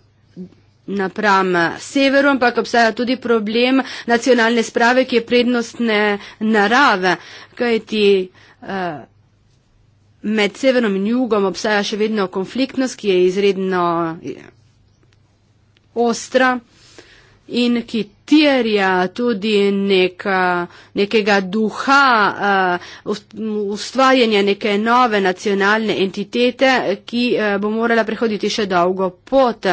napram severu, ampak obstaja tudi problem nacionalne sprave, ki je prednostne narave, kajti uh, Med severom in jugom obstaja še vedno konfliktnost, ki je izredno ostra in ki terja tudi neka, nekega duha uh, ustvarjanja neke nove nacionalne entitete, ki uh, bo morala prehoditi še dolgo pot.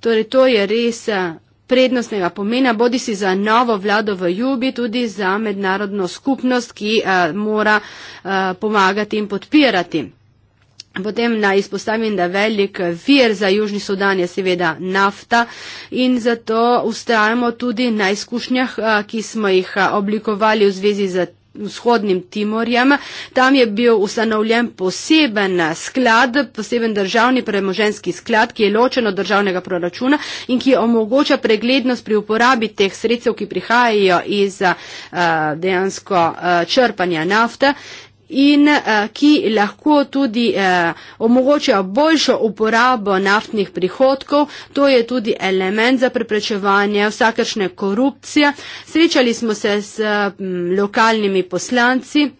Torej, to je res eh, prednostnega pomena, bodi si za novo vlado v Jubi, tudi za mednarodno skupnost, ki uh, mora uh, pomagati in podpirati. Potem naj izpostavim, da velik vir za Južni Sudan je seveda nafta in zato ustrajamo tudi na izkušnjah, eh, ki smo jih oblikovali v zvezi z vzhodnim Timorjem. Tam je bil ustanovljen poseben sklad, poseben državni premoženski sklad, ki je ločen od državnega proračuna in ki omogoča preglednost pri uporabi teh sredstev, ki prihajajo iz eh, dejansko eh, črpanja nafte in uh, ki lahko tudi uh, eh, omogočajo boljšo uporabo naftnih prihodkov. To je tudi element za preprečevanje vsakršne korupcije. Srečali smo se s um, lokalnimi poslanci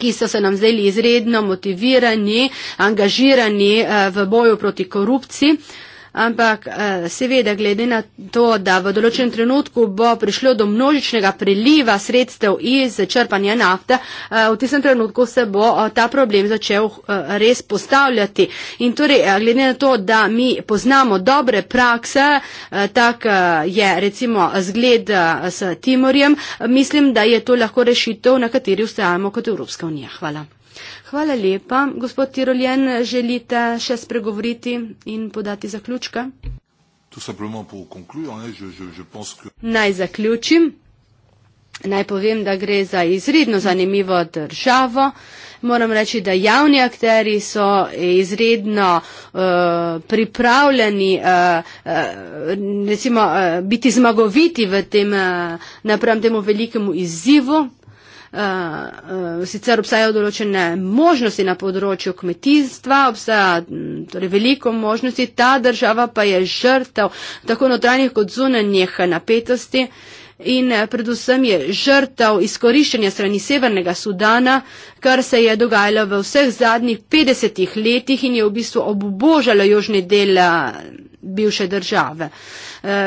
ki so se nam zdeli izredno motivirani, angažirani eh, v boju proti korupciji ampak eh, seveda glede na to, da v določenem trenutku bo prišlo do množičnega priliva sredstev iz črpanja nafte, eh, v tistem trenutku se bo eh, ta problem začel res postavljati. In torej, glede na to, da mi poznamo dobre prakse, tak je recimo zgled s Timorjem, mislim, da je to lahko rešitev, na kateri ustajamo kot Evropska unija. Hvala. Hvala lepa. Gospod Tirolijen, želite še spregovoriti in podati zaključke? Naj zaključim. Naj povem, da gre za izredno zanimivo državo. Moram reči, da javni akteri so izredno uh, pripravljeni uh, uh, recimo, uh, biti zmagoviti v tem, uh, napram temu velikemu izzivu, Eh, eh, sicer obstajajo določene možnosti na področju kmetijstva, obstaja mm, torej veliko možnosti, ta država pa je žrtev tako notranjih kot zunanjih napetosti in eh, predvsem je žrtev izkoriščanja strani Severnega Sudana, kar se je dogajalo v vseh zadnjih 50 letih in je v bistvu obubožalo južni del bivše države.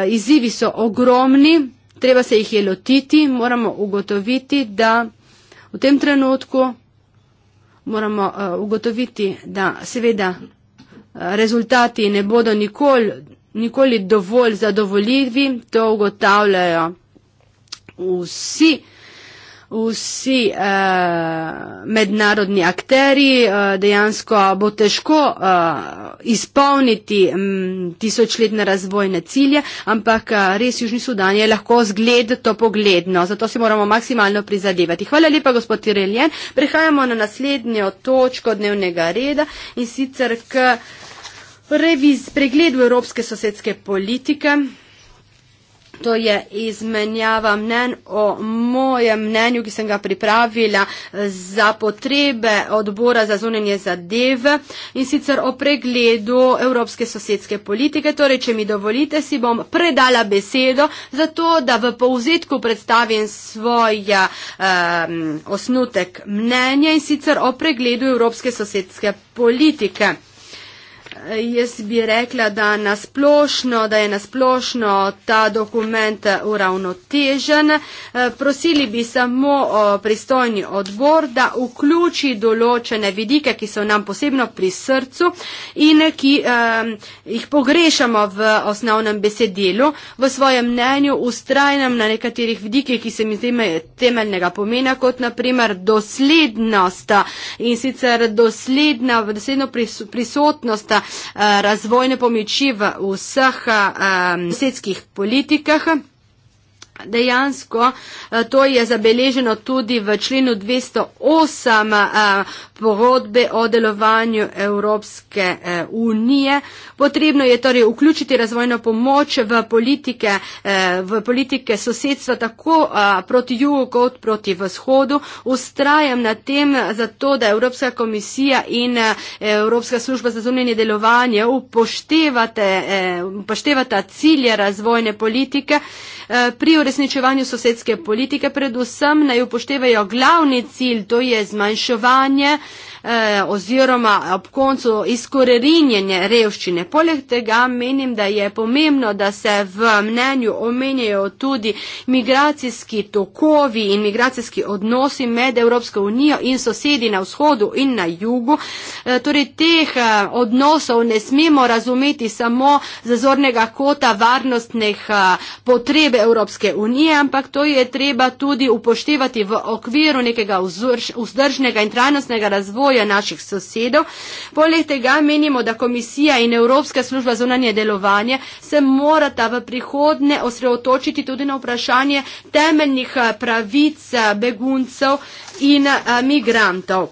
Izzivi so ogromni treba se jih je lotiti, moramo ugotoviti, da v tem trenutku moramo uh, ugotoviti, da seveda eh, rezultati ne bodo nikoli, nikoli dovolj zadovoljivi, to ugotavljajo vsi vsi uh, mednarodni akteri, uh, eh, dejansko bo težko uh, izpolniti um, tisočletne razvojne cilje, ampak uh, res Južni Sudan je lahko zgled to pogledno. Zato si moramo maksimalno prizadevati. Hvala lepa, gospod Tireljen. Prehajamo na naslednjo točko dnevnega reda in sicer k revi, pregledu evropske sosedske politike. To je izmenjava mnen o mojem mnenju, ki sem ga pripravila eh, za potrebe odbora za zunanje zadeve in sicer o pregledu evropske sosedske politike. Torej, če mi dovolite, si bom predala besedo za to, da v povzetku predstavim svoj um, osnutek mnenja in sicer o pregledu evropske sosedske politike. politike jaz bi rekla, da, nasplošno, da je nasplošno ta dokument uravnotežen. Eh, prosili bi samo pristojni odbor, da vključi določene vidike, ki so nam posebno pri srcu in ki jih pogrešamo v osnovnem besedilu. V svojem mnenju ustrajam na nekaterih vidikih, ki se mi zdijo temeljnega pomena, kot naprimer doslednost in sicer dosledna, dosledno prisotnost Eh, razvojne pomoči v vseh eh, svetskih politikah. Dejansko eh, to je zabeleženo tudi v členu 208 eh, pogodbe o delovanju Evropske eh, unije. Potrebno je torej vključiti razvojno pomoč v politike, v politike sosedstva tako proti jugu kot proti vzhodu. Ustrajam na tem zato, da Evropska komisija in Evropska služba za zunanje delovanje upoštevata cilje razvojne politike. Prior uresničevanju sosedske politike predvsem naj upoštevajo glavni cilj, to je zmanjševanje eh, oziroma ob koncu izkoreninjenje revščine. Poleg tega menim, da je pomembno, da se v mnenju omenjajo tudi migracijski tokovi in migracijski odnosi med Evropsko unijo in sosedi na vzhodu in na jugu. Eh, torej, teh eh, odnosov ne smemo razumeti samo zazornega kota varnostnih eh, potreb Evropske unije, ampak to je treba tudi upoštevati v okviru nekega vzdržnega in trajnostnega razvoja zdravja naših sosedov. Poleg tega menimo, da komisija in Evropska služba zunanje delovanje se morata v prihodnje osredotočiti tudi na vprašanje temeljnih eh, pravic eh, beguncev in eh, migrantov.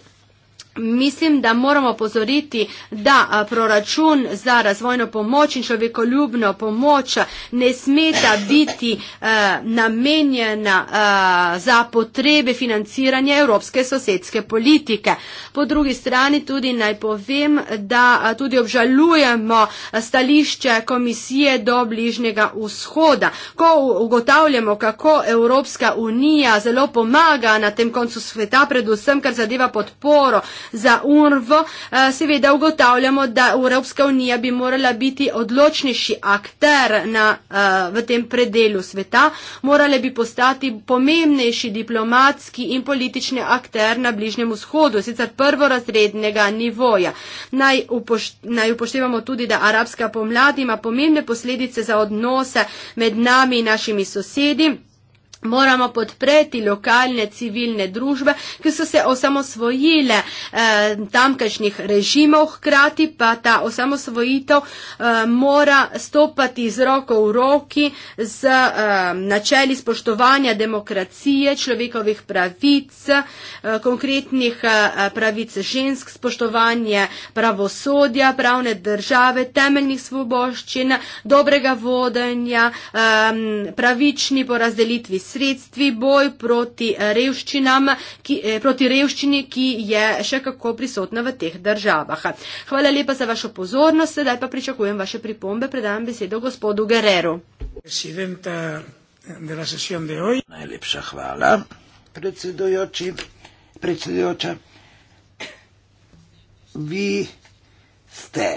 Mislim, da moramo pozoriti, da proračun za razvojno pomoč in človekoljubno pomoč ne smeta biti eh, namenjena eh, za potrebe financiranja evropske sosedske politike. Po drugi strani tudi naj povem, da tudi obžalujemo stališče komisije do bližnjega vzhoda. Ko ugotavljamo, kako Evropska unija zelo pomaga na tem koncu sveta, predvsem kar zadeva podporo, za UNRVO. Eh, seveda ugotavljamo, da Evropska unija bi morala biti odločnejši akter na, eh, v tem predelu sveta, morale bi postati pomembnejši diplomatski in politični akter na Bližnjem vzhodu, sicer prvorazrednega nivoja. Naj, upošte, naj upoštevamo tudi, da arabska pomlad ima pomembne posledice za odnose med nami in našimi sosedi. Moramo podpreti lokalne civilne družbe, ki so se osamosvojile eh, tamkajšnjih režimov, hkrati pa ta osamosvojitev eh, mora stopati z roko v roki z eh, načeli spoštovanja demokracije, človekovih pravic, eh, konkretnih eh, pravic žensk, spoštovanje pravosodja, pravne države, temeljnih svoboščin, dobrega vodenja, eh, pravični porazdelitvi sveta sredstvi, boj proti, eh, ki, eh, proti revščini, ki je še kako prisotna v teh državah. Hvala lepa za vašo pozornost, sedaj pa pričakujem vaše pripombe, predam besedo gospodu Guerreru. Eh, Najlepša hvala, predsedujoči, predsedujoča. Vi ste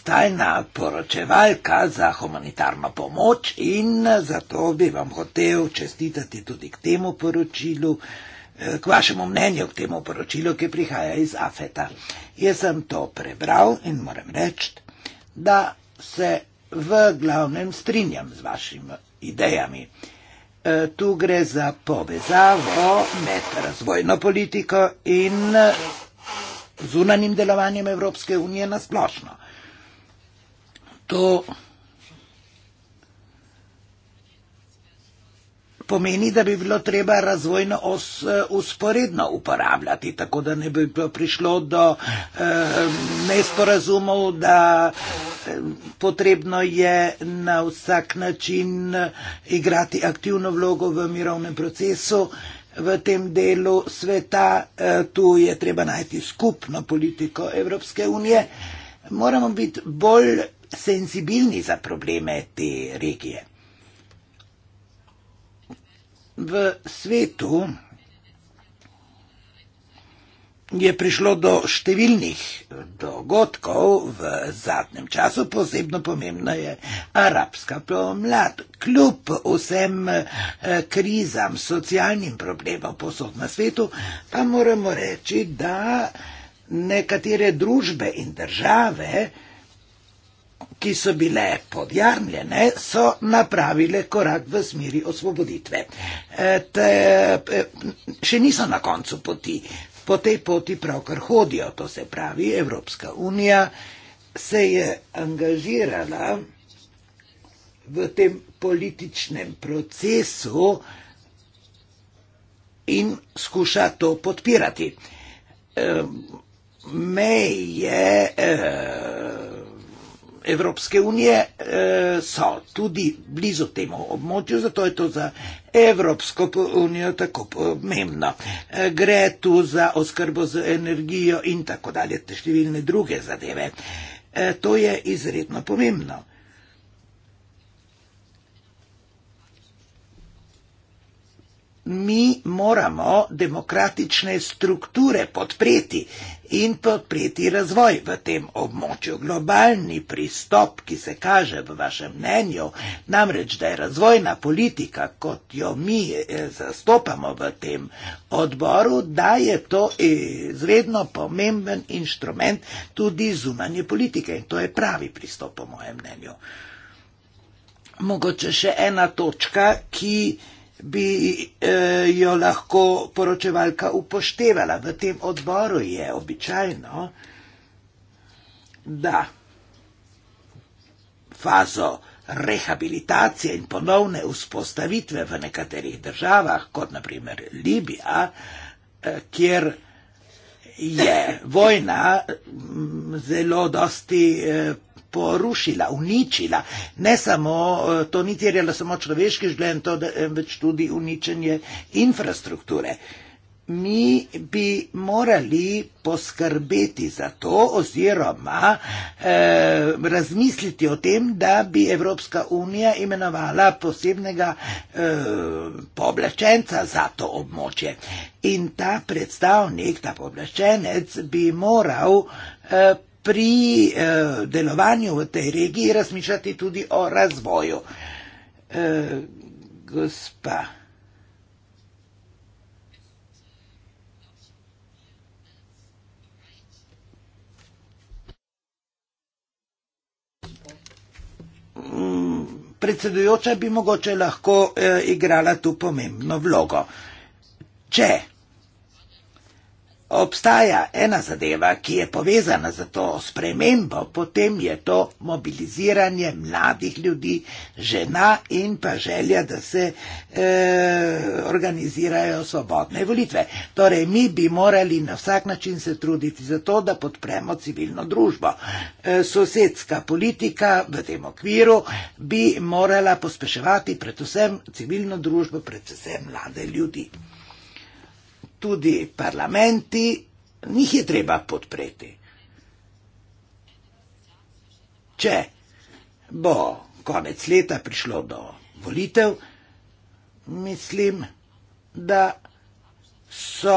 stalna poročevalka za humanitarno pomoč in zato bi vam hotel čestitati tudi k temu poročilu, eh, k vašemu mnenju, k temu poročilu, ki prihaja iz Afeta. Jaz sem to prebral in moram reči, da se v glavnem strinjam z vašimi idejami. Eh, tu gre za povezavo med razvojno politiko in eh, zunanjim delovanjem Evropske unije na splošno. To pomeni, da bi bilo treba razvojno os eh, usporedno uporabljati, tako da ne bi prišlo do eh, nesporazumov, da eh, potrebno je na vsak način eh, igrati aktivno vlogo v mirovnem procesu. V tem delu sveta tu je treba najti skupno politiko Evropske unije. Moramo biti bolj senzibilni za probleme te regije. V svetu je prišlo do številnih dogodkov v zadnjem času, posebno pomembna je arabska pomlad. Kljub vsem eh, krizam, socialnim problemom posod na svetu, pa moramo reči, da nekatere družbe in države ki so bile podjarmljene, so napravile korak v smeri osvoboditve. E, te, e, še niso na koncu poti. Po tej poti pravkar hodijo, to se pravi, Evropska unija se je angažirala v tem političnem procesu in skuša to podpirati. E, me je. Eh, Evropske unije eh, so tudi blizu temu območju, zato je to za Evropsko unijo tako pomembno. Eh, gre tu za oskrbo z energijo in tako dalje, te številne druge zadeve. Eh, to je izredno pomembno. mi moramo demokratične strukture podpreti in podpreti razvoj v tem območju. Globalni pristop, ki se kaže v vašem mnenju, namreč, da je razvojna politika, kot jo mi eh, zastopamo v tem odboru, da je to izredno pomemben inštrument tudi zunanje politike in to je pravi pristop, po mojem mnenju. Mogoče še ena točka, ki bi eh, jo lahko poročevalka upoštevala. V tem odboru je običajno, da fazo rehabilitacije in ponovne vzpostavitve v nekaterih državah, kot naprimer Libija, eh, kjer je vojna mm, zelo dosti eh, porušila, uničila. Ne samo, eh, to ni terjalo samo človeški življenj, to je eh, več tudi uničenje infrastrukture. Uh, mi bi morali poskrbeti za to oziroma eh, razmisliti o tem, da bi Evropska unija imenovala posebnega eh, povlačenca za to območje. In ta predstavnik, ta povlačenec bi moral eh, pri eh, delovanju v tej regiji razmišljati tudi o razvoju. Eh, gospa. predsedujoča bi mogoče lahko eh, igrala tu pomembno vlogo. Če Obstaja ena zadeva, ki je povezana z to spremembo, potem je to mobiliziranje mladih ljudi, žena in pa želja, da se eh, organizirajo svobodne volitve. Torej, mi bi morali na vsak način se truditi za to, da podpremo civilno družbo. Eh, sosedska politika v tem okviru bi morala pospeševati predvsem civilno družbo, predvsem mlade ljudi tudi parlamenti, njih je treba podpreti. Če bo konec leta prišlo do volitev, mislim, da so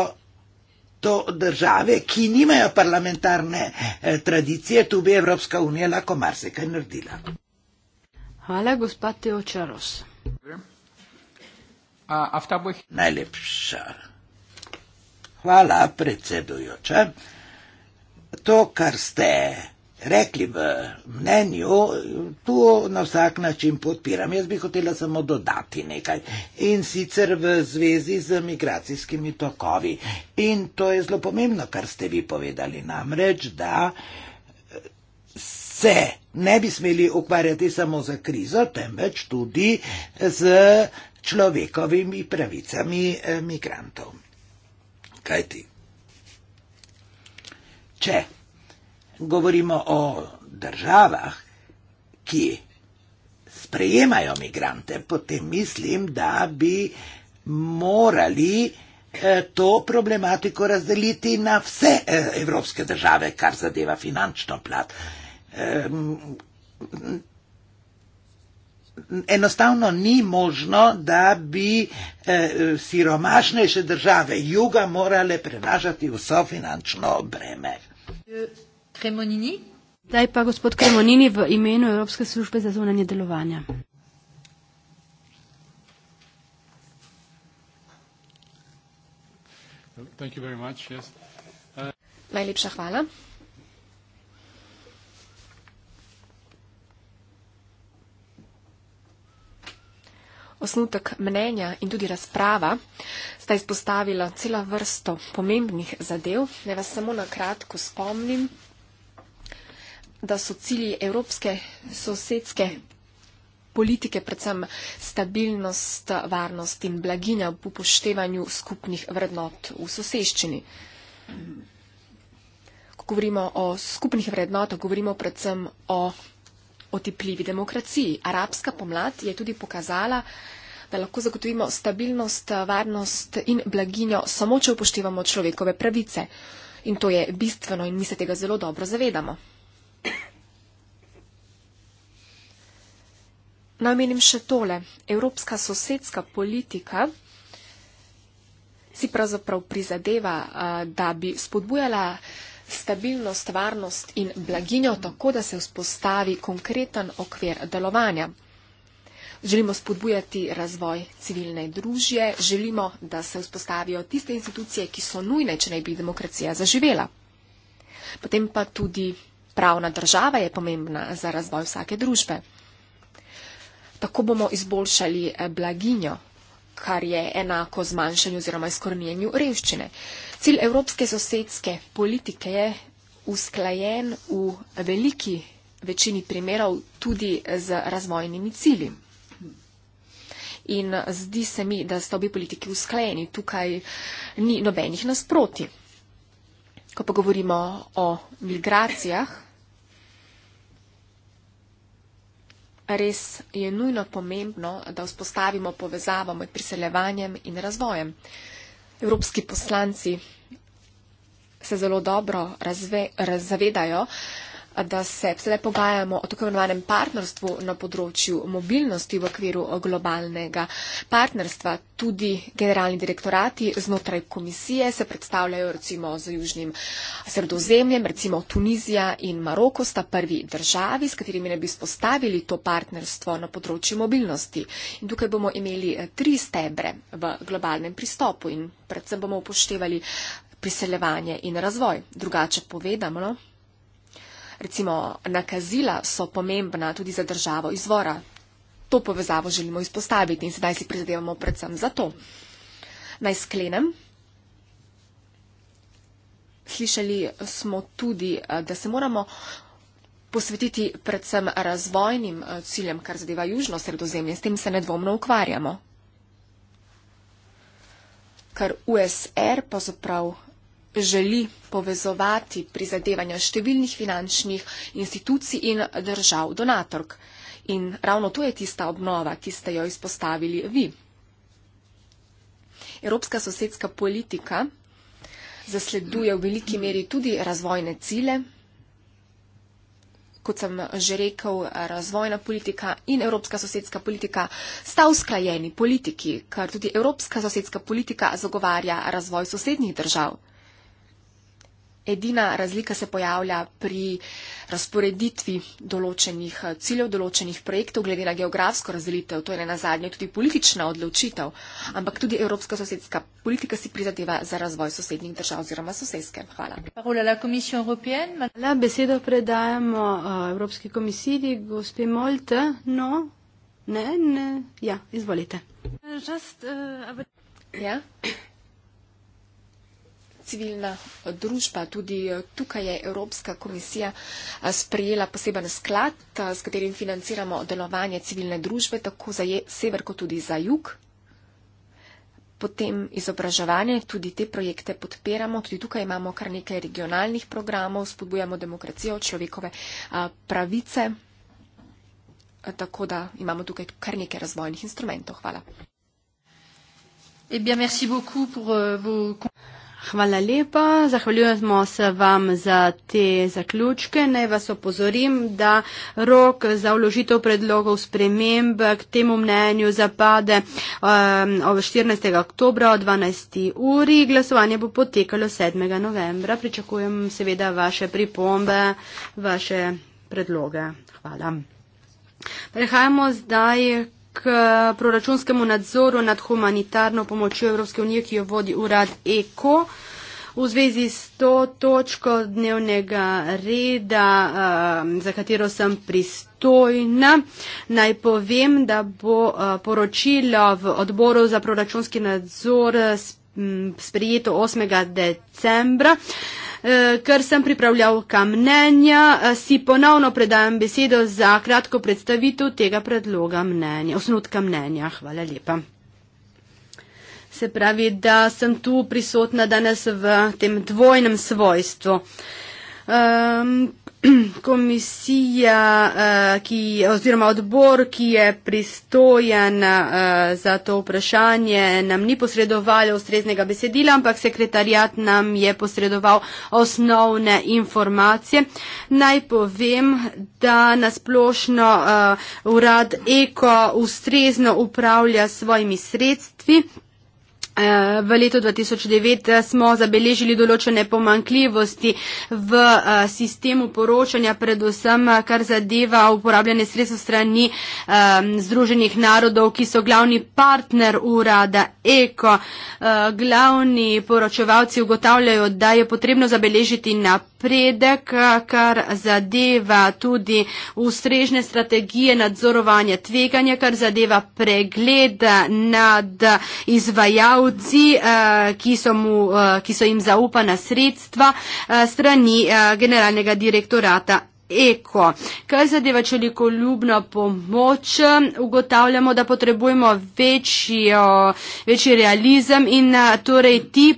to države, ki nimajo parlamentarne eh, tradicije, tu bi Evropska unija lahko marsikaj naredila. Hvala, gospod Teočaros. Najlepša. Hvala, predsedujoča. To, kar ste rekli v mnenju, tu na vsak način podpiram. Jaz bi hotela samo dodati nekaj in sicer v zvezi z migracijskimi tokovi. In to je zelo pomembno, kar ste vi povedali, namreč, da se ne bi smeli ukvarjati samo za krizo, temveč tudi z človekovimi pravicami eh, migrantov kaj ti. Če govorimo o državah, ki sprejemajo migrante, potem mislim, da bi morali eh, to problematiko razdeliti na vse eh, evropske države, kar zadeva finančno plat enostavno ni možno, da bi eh, siromašnejše države juga morale prenašati vso finančno breme. Kremonini? Daj pa gospod Kremonini v imenu Evropske službe za zunanje delovanja. Najlepša hvala. osnutek mnenja in tudi razprava sta izpostavila cela vrsto pomembnih zadev. Ne vas samo na kratko spomnim, da so cilji evropske sosedske politike predvsem stabilnost, varnost in blaginja v upoštevanju skupnih vrednot v soseščini. Ko govorimo o skupnih vrednotah, govorimo predvsem o otepljivi demokraciji. Arabska pomlad je tudi pokazala, da lahko zagotovimo stabilnost, varnost in blaginjo samo, če upoštevamo človekove pravice. In to je bistveno in mi se tega zelo dobro zavedamo. Najmenim še tole. Evropska sosedska politika si pravzaprav prizadeva, da bi spodbujala stabilnost, varnost in blaginjo, tako da se vzpostavi konkreten okvir delovanja. Želimo spodbujati razvoj civilne družje, želimo, da se vzpostavijo tiste institucije, ki so nujne, če naj bi demokracija zaživela. Potem pa tudi pravna država je pomembna za razvoj vsake družbe. Tako bomo izboljšali eh, blaginjo kar je enako zmanjšanju oziroma izkorenjenju revščine. Cilj evropske sosedske politike je usklajen v veliki večini primerov tudi z razvojnimi cili. In zdi se mi, da sta obi politiki usklajeni, tukaj ni nobenih nasproti. Ko pa govorimo o migracijah, Res je nujno pomembno, da vzpostavimo povezavo med priseljevanjem in razvojem. Evropski poslanci se zelo dobro razve, zavedajo, da se sedaj pogajamo o tako imenovanem partnerstvu na področju mobilnosti v okviru globalnega partnerstva. Tudi generalni direktorati znotraj komisije se predstavljajo recimo z južnim sredozemljem, recimo Tunizija in Maroko sta prvi državi, s katerimi ne bi spostavili to partnerstvo na področju mobilnosti. In tukaj bomo imeli eh, tri stebre v globalnem pristopu in predvsem bomo upoštevali priseljevanje in razvoj. Drugače povedamo, no? Recimo, nakazila so pomembna tudi za državo izvora. To povezavo želimo izpostaviti in sedaj si prizadevamo predvsem za to. Naj sklenem. Slišali smo tudi, eh, da se moramo posvetiti predvsem razvojnim eh, ciljem, kar zadeva južno sredozemlje. S tem se nedvomno ukvarjamo. Ker USR pa zaprav želi povezovati prizadevanja številnih finančnih institucij in držav donatork. In ravno to je tista obnova, ki ste jo izpostavili vi. Evropska sosedska politika zasleduje v veliki meri tudi razvojne cile, kot sem že rekel, razvojna politika in evropska sosedska politika sta usklajeni politiki, ker tudi evropska sosedska politika zagovarja razvoj sosednjih držav. Edina razlika se pojavlja pri razporeditvi določenih eh, ciljev, določenih projektov, glede na geografsko razdelitev, to je ne nazadnje tudi politična odločitev, ampak tudi evropska sosedska politika si prizadeva za razvoj sosednjih držav oziroma sosedske. Hvala. Hvala besedo predajamo eh, Evropski komisiji, gospe Molte. No, ne, ne, ja, izvolite. Just, uh, ja civilna družba. Tudi eh, tukaj je Evropska komisija eh, sprejela poseben sklad, eh, s katerim financiramo delovanje civilne družbe, tako za sever kot tudi za jug. Potem izobraževanje, tudi te projekte podpiramo. Tudi tukaj imamo kar nekaj regionalnih programov, spodbujamo demokracijo, človekove pravice. Tako da imamo tukaj kar nekaj razvojnih instrumentov. Hvala. Eh bien, merci beaucoup pour euh, vos. Hvala lepa, zahvaljujemo se vam za te zaključke. Naj vas opozorim, da rok za vložitev predlogov sprememb k temu mnenju zapade um, 14. oktobra o 12. uri. Glasovanje bo potekalo 7. novembra. Pričakujem seveda vaše pripombe, vaše predloge. Hvala. Prehajamo zdaj k eh, proračunskemu nadzoru nad humanitarno pomočjo Evropske unije, ki jo vodi urad ECO. V zvezi s to točko dnevnega reda, eh, za katero sem pristojna, naj povem, da bo eh, poročilo v odboru za proračunski nadzor sprejeto 8. decembra. Eh, ker sem pripravljal kamnenja, eh, si ponovno predajam besedo za kratko predstavitev tega predloga mnenja, osnutka mnenja. Hvala lepa. Se pravi, da sem tu prisotna danes v tem dvojnem svojstvu. Uh, komisija, eh, ki, oziroma odbor, ki je pristojen eh, za to vprašanje, nam ni posredoval ustreznega besedila, ampak sekretarjat nam je posredoval osnovne informacije. Naj povem, da nasplošno eh, urad Eko ustrezno upravlja svojimi sredstvi. Eh, v letu 2009 eh, smo zabeležili določene pomankljivosti v eh, sistemu poročanja, predvsem kar zadeva uporabljene sredstva strani Združenih narodov, ki so glavni partner urada ECO. Glavni poročevalci ugotavljajo, da je potrebno zabeležiti napredek napredek, kar zadeva tudi ustrežne strategije nadzorovanja tveganja, kar zadeva pregled nad izvajalci, eh, ki so, mu, eh, ki so jim zaupana sredstva eh, strani generalnega direktorata eko. Kar zadeva čelikoljubno pomoč, ugotavljamo, da potrebujemo večjo, večji realizem in eh, torej ti,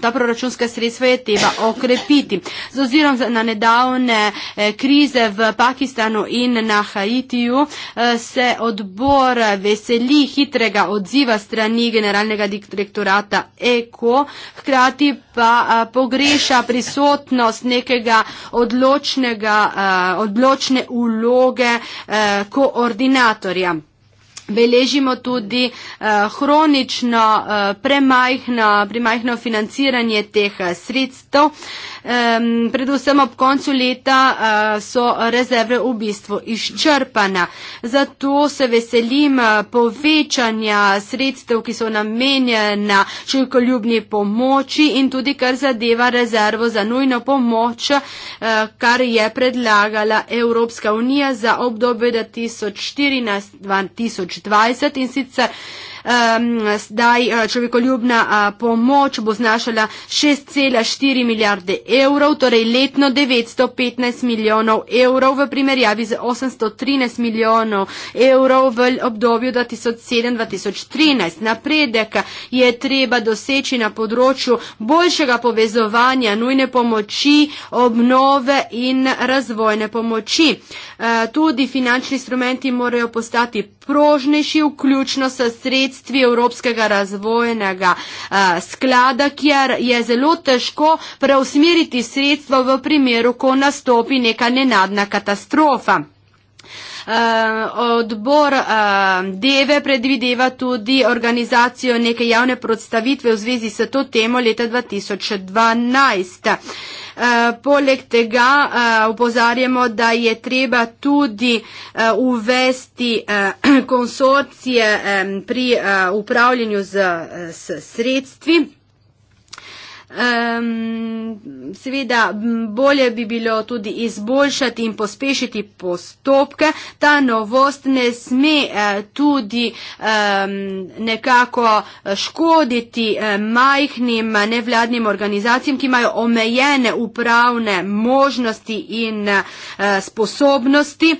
ta proračunska sredstva je treba okrepiti. Z ozirom na nedavne eh, krize v Pakistanu in na Haitiju eh, se odbor veseli hitrega odziva strani generalnega direktorata eko, hkrati pa pogreša prisotnost nekega odločnega Eh, odločne vloge eh, koordinatorja. Beležimo tudi eh, hronično eh, premajhno, premajhno financiranje teh eh, sredstev. Ehm, predvsem ob koncu leta eh, so rezerve v bistvu izčrpane. Zato se veselim eh, povečanja sredstev, ki so namenjena čilkoljubni pomoči in tudi kar zadeva rezervo za nujno pomoč, eh, kar je predlagala Evropska unija za obdobje 2014-2014. 2020 in sicer Ehm, zdaj eh, človekoljubna eh, pomoč bo znašala 6,4 milijarde evrov, torej letno 915 milijonov evrov v primerjavi z 813 milijonov evrov v obdobju 2007-2013. Napredek je treba doseči na področju boljšega povezovanja nujne pomoči, obnove in razvojne pomoči. Eh, tudi finančni instrumenti morajo postati prožnejši, vključno s sredstvami, sredstvi Evropskega razvojnega eh, sklada, kjer je zelo težko preusmeriti sredstva v primeru, ko nastopi neka nenadna katastrofa. Eh, odbor eh, Deve predvideva tudi organizacijo neke javne predstavitve v zvezi s to temo leta 2012. Uh, eh, poleg tega uh, upozarjamo, da je treba tudi uh, uvesti uh, konsorcije um, pri uh, upravljanju z, z sredstvi. Um, seveda, bolje bi bilo tudi izboljšati in pospešiti postopke. Ta novost ne sme eh, tudi um, nekako eh, škoditi eh, majhnim eh, nevladnim organizacijam, ki imajo omejene upravne možnosti in eh, sposobnosti.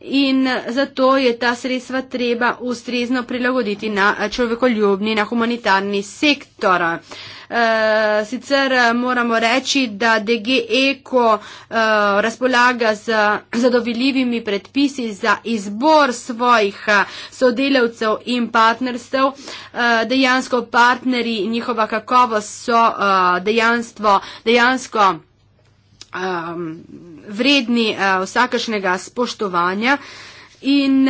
In zato je ta sredstva treba ustrezno prilagoditi na eh, človekoljubni, na humanitarni sektor. Uh, Eh, sicer eh, moramo reči, da DG Eko eh, razpolaga z zadovoljivimi predpisi za izbor svojih sodelavcev in partnerstv. Dejansko partnerji in njihova kakovost so dejansko, dejansko ehm, vredni vsakašnega spoštovanja. In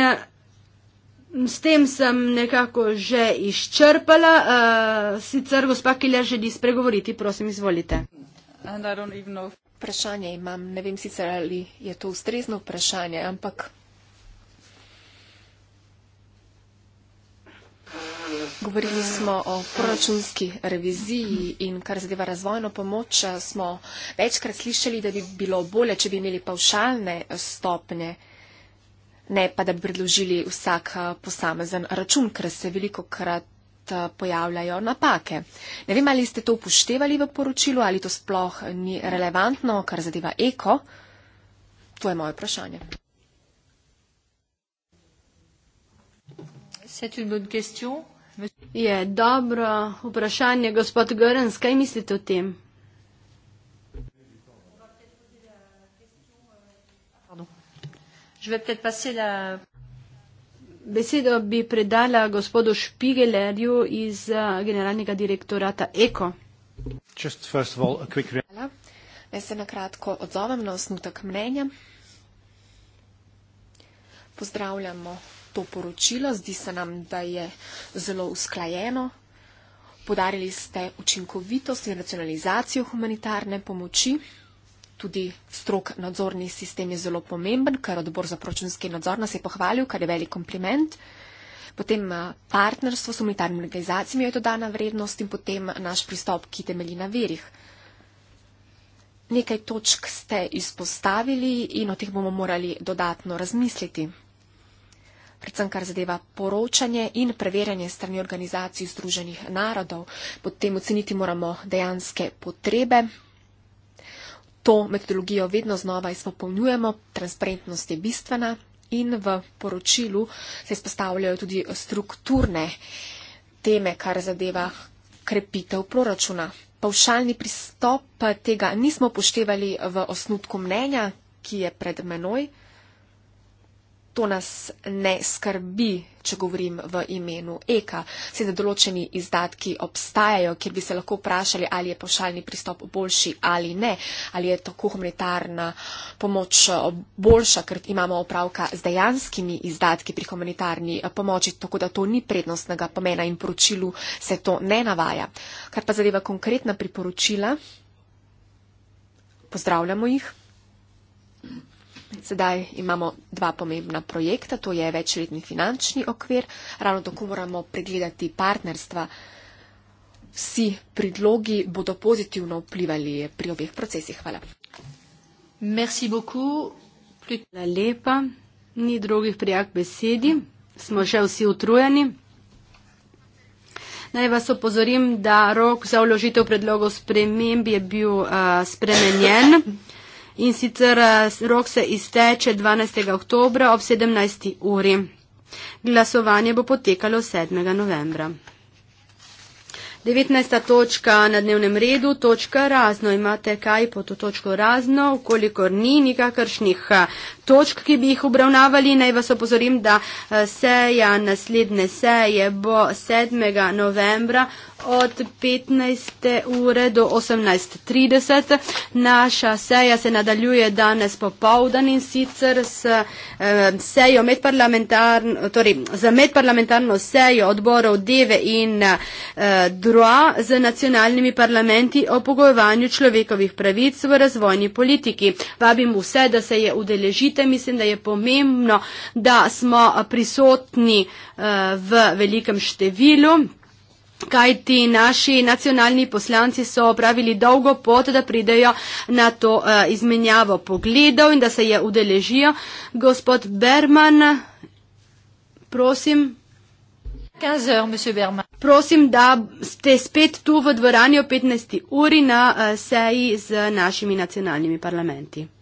S tem sem nekako že izčrpala, uh, sicer gospa Kilja želi spregovoriti, prosim, izvolite. Vprašanje imam, ne vem sicer ali je to ustrezno vprašanje, ampak. Govorili smo o proračunski reviziji in kar zadeva razvojno pomoč, eh, smo večkrat slišali, da bi bilo bolje, če bi imeli pavšalne stopnje uh, ne pa da bi predložili vsak eh, posamezen račun, ker se veliko krat eh, pojavljajo napake. Ne vem, ali ste to upoštevali v poročilu, ali to sploh ni relevantno, kar zadeva eko. To je moje vprašanje. Je dobro vprašanje, gospod Görens, kaj mislite o tem? Je vais peut-être passer la besedo bi predala gospodu Špigelerju iz eh, generalnega direktorata ECO. Just first of all, a quick Hvala. Jaz se na kratko odzovem na osnutek mnenja. Pozdravljamo to poročilo, zdi se nam, da je zelo usklajeno. Podarili ste učinkovitost in racionalizacijo humanitarne pomoči tudi strok nadzorni sistem je zelo pomemben, ker odbor za proračunski nadzor nas je pohvalil, kar je velik kompliment. Potem eh, partnerstvo s humanitarnimi organizacijami je dodana vrednost in potem eh, naš pristop, ki temelji na verih. Nekaj točk ste izpostavili in o teh bomo morali dodatno razmisliti. Predvsem, kar zadeva poročanje in preverjanje strani organizacij Združenih narodov, potem oceniti moramo dejanske potrebe to metodologijo vedno znova izpopolnjujemo, transparentnost je bistvena in v poročilu se izpostavljajo tudi strukturne teme, kar zadeva krepitev proračuna. Pavšalni pristop tega nismo poštevali v osnutku mnenja, ki je pred menoj to nas ne skrbi, če govorim v imenu EKA. Seveda določeni izdatki obstajajo, kjer bi se lahko vprašali, ali je pošaljni pristop boljši ali ne, ali je tako humanitarna pomoč eh, boljša, ker imamo opravka z dejanskimi izdatki pri humanitarni eh, pomoči, tako da to ni prednostnega pomena in poročilu se to ne navaja. Kar pa zadeva konkretna priporočila, pozdravljamo jih sedaj imamo dva pomembna projekta, to je večletni finančni okvir, ravno tako moramo pregledati partnerstva. Vsi predlogi bodo pozitivno vplivali pri obeh procesih. Hvala. Merci beaucoup. Hvala lepa. Ni drugih prijak besedi. Smo že vsi utrujeni. Naj vas opozorim, da rok za uložitev predlogov sprememb je bil uh, spremenjen in sicer eh, rok se izteče 12. oktobra ob 17. uri. Glasovanje bo potekalo 7. novembra. 19. točka na dnevnem redu, točka razno. Imate kaj pod to točko razno, ukolikor ni nikakršnih eh, točk, ki bi jih obravnavali. Naj vas opozorim, da eh, seja naslednje seje bo 7. novembra od 15. ure do 18.30. Naša seja se nadaljuje danes popovdan in sicer s eh, sejo medparlamentarno, torej z medparlamentarno sejo odborov Deve in eh, Droa z nacionalnimi parlamenti o pogojevanju človekovih pravic v razvojni politiki. Vabim vse, da se je udeležite vidite, mislim, da je pomembno, da smo prisotni eh, v velikem številu. Kaj ti naši nacionalni poslanci so opravili dolgo pot, da pridejo na to eh, izmenjavo pogledov in da se je udeležijo. Gospod Berman, prosim. Prosim, da ste spet tu v dvorani o 15. uri na eh, seji z našimi nacionalnimi parlamenti.